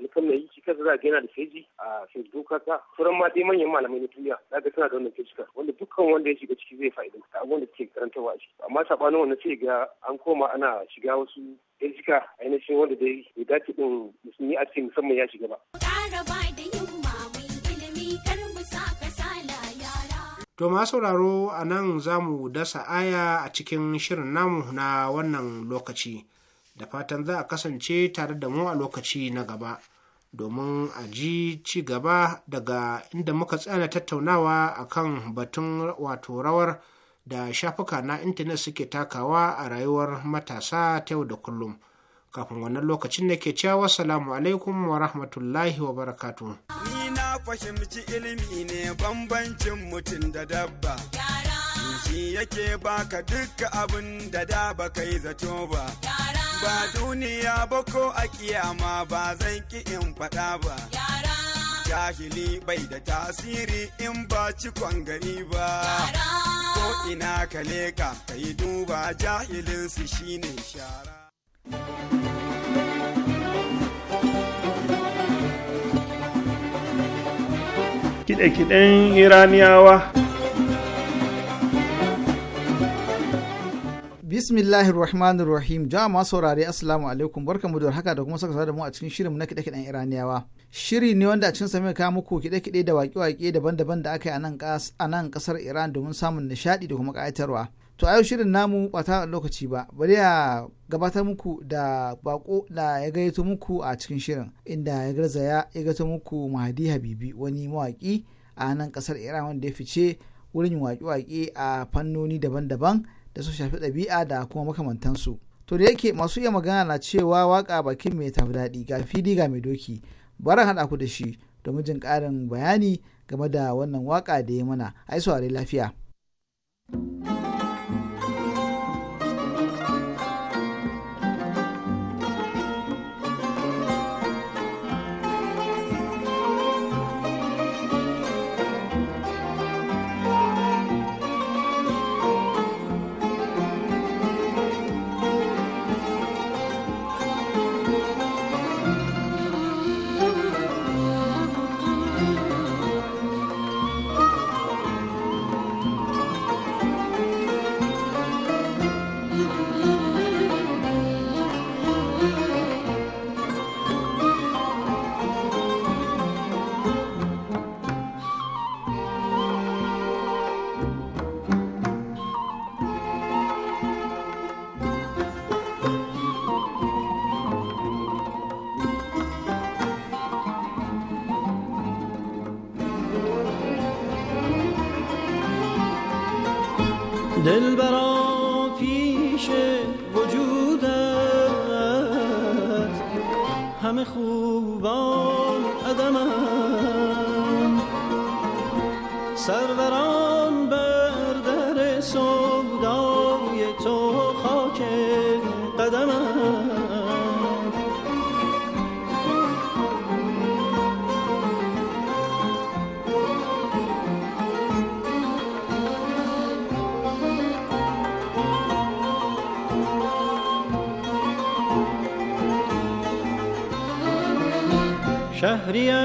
nufin mai yi kansa za a yana da feji a facebook haka turan ma dai manyan malamai na duniya za ga tana da wannan fejika wanda dukkan wanda ya shiga ciki zai fa'idin ta abubuwan da ke karanta wa ciki amma saɓanin wannan sai ga an koma ana shiga wasu fejika ainihin wanda dai ya dace din musulmi a cikin musamman ya shiga ba. To ma sauraro a nan za mu dasa aya a cikin shirin namu na wannan lokaci. da fatan za a kasance tare da mu a lokaci na gaba domin a ji ci gaba daga inda muka tsana tattaunawa akan batun wato rawar da shafuka na intanet suke takawa a rayuwar matasa ta yau da kullum kafin wannan lokacin da ke cewa salamu alaikum wa rahmatullahi wa barakatu. Ni na fahimci ilimi ne bambancin mutum da dabba. Shi yake baka duka abin da da baka yi zato ba. Ba duniya ba ko a kiyama ba zan ki in faɗa ba. Jahili bai da tasiri in ba cikon gari ba. Ko ina ka leka ka yi duba jahilinsu shine shara. kiɗe-kiɗen iraniyawa bismillahir rahmanir rahim jama'a masu saurare assalamu alaikum mu da haka da kuma saka da mu a cikin shirin na kide kiɗen iraniyawa shiri ne wanda a cikin sa ka muku kiɗe-kiɗe da waƙe-waƙe daban-daban da aka yi a nan kasar iran domin samun nishaɗi da kuma ƙayatarwa to a yau shirin namu ba ta lokaci ba bari a gabatar muku da bako da ya gayyato muku a cikin shirin inda ya garzaya ya gato muku mahadi habibi wani mawaƙi a nan kasar iran wanda ya fice wurin waƙe-waƙe a fannoni daban-daban da su shafi ɗabi'a da kuma makamantansu to da yake masu iya magana na cewa waka bakin mai tafi daɗi ga fili ga mai doki baran haɗa ku da shi domin jin ƙarin bayani game da wannan waka da ya mana ai saurari lafiya. fría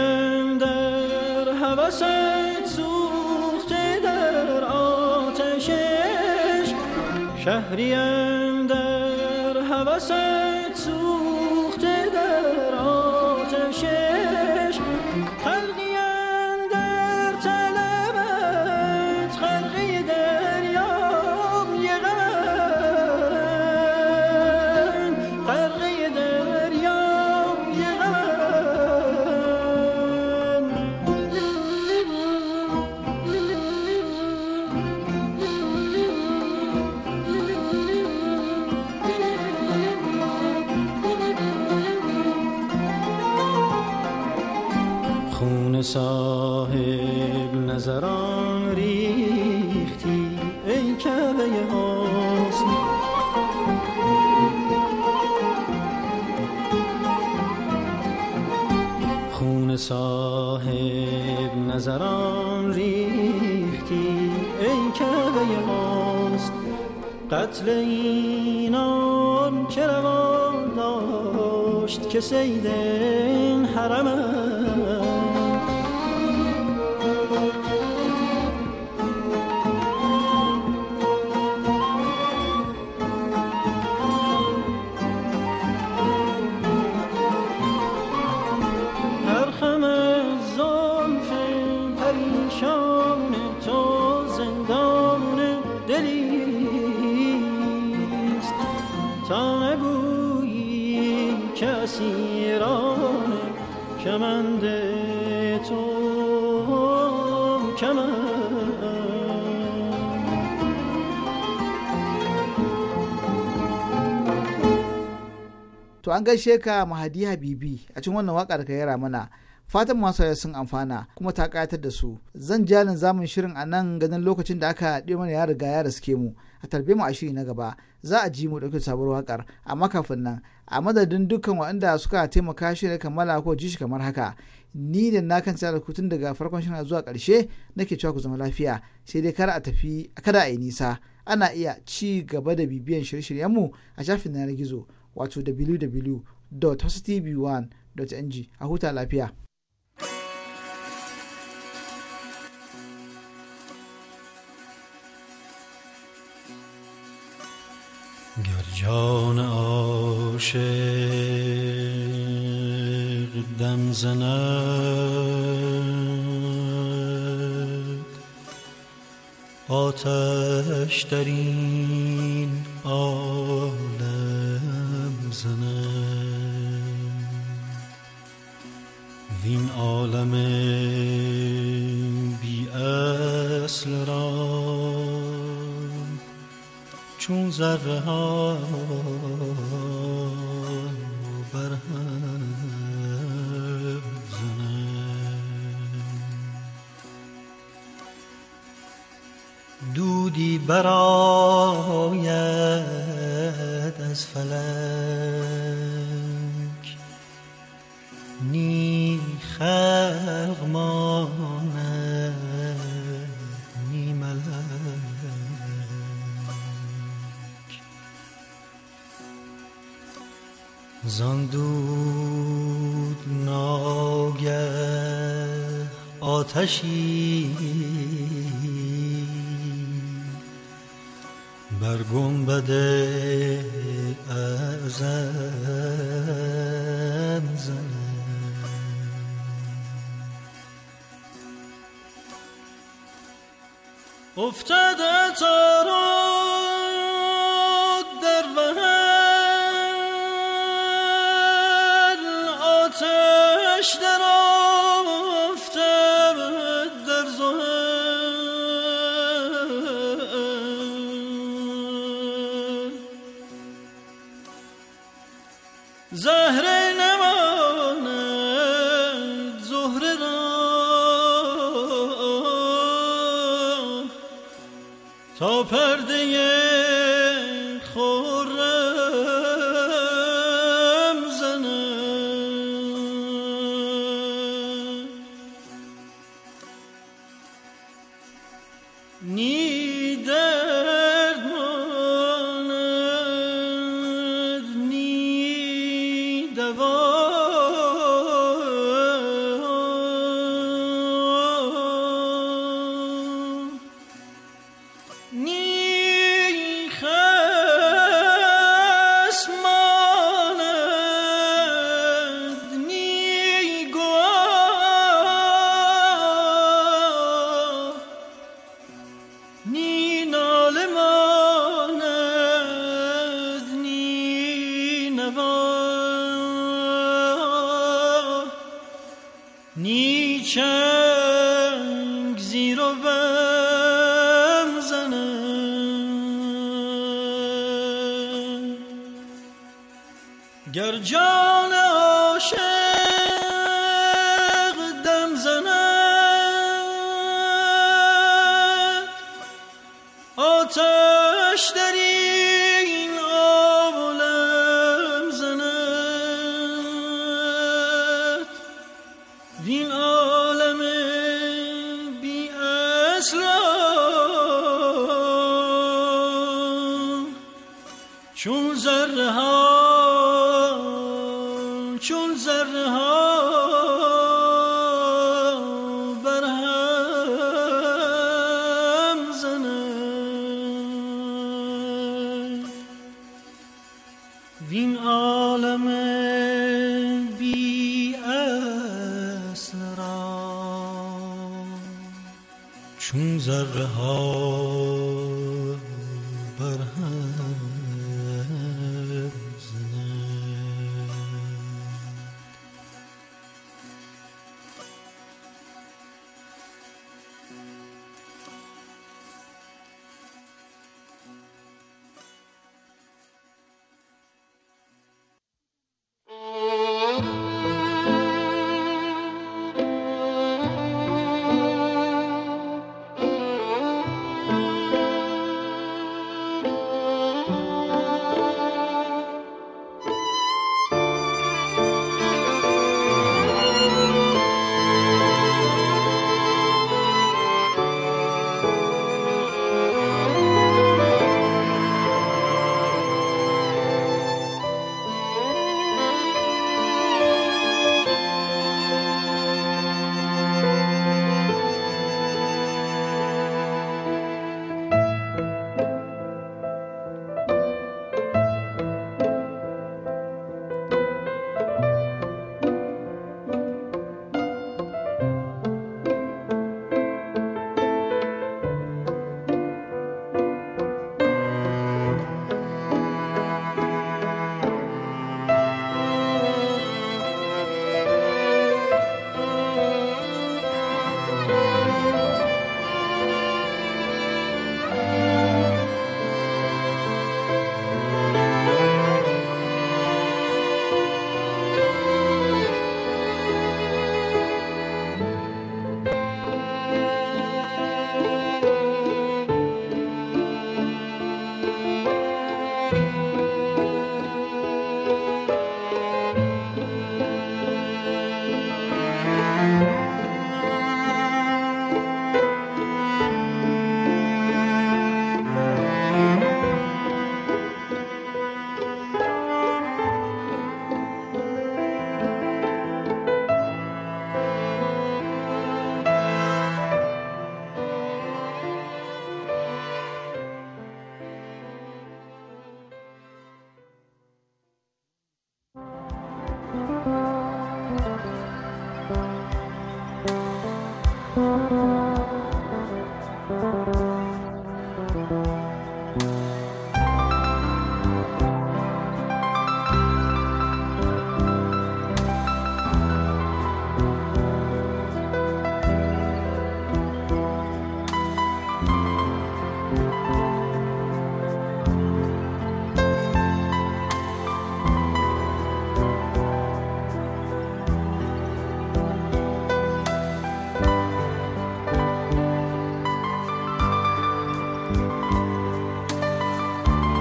که سید کمند تو to an gaishe ka mahadi habibi a cikin wannan waka da ka yara mana fatan masu sun amfana kuma ta kayatar da su zan jalin zamun shirin a nan ganin lokacin da aka ɗi mana ya riga ya riske mu a tarbe mu a shiri na gaba za a ji mu ɗauki sabuwar wakar amma kafin nan a madadin dukkan waɗanda suka taimaka shi da kammala ko ji shi kamar haka ni da na kan da kutun daga farkon shirin zuwa ƙarshe nake cewa ku zama lafiya sai dai kar a tafi kada a yi nisa ana iya ci gaba da bibiyan shirye shiryen mu a shafin yanar gizo wato www.hostv1.ng a huta lafiya. جان عاشق دم زند آتش در این عالم زند وین عالم بی اصل را چون ذره ها بر دودی براید از فلک نیخه زندود ناگه آتشی بر گنبد اعظم زنه افتاده تارو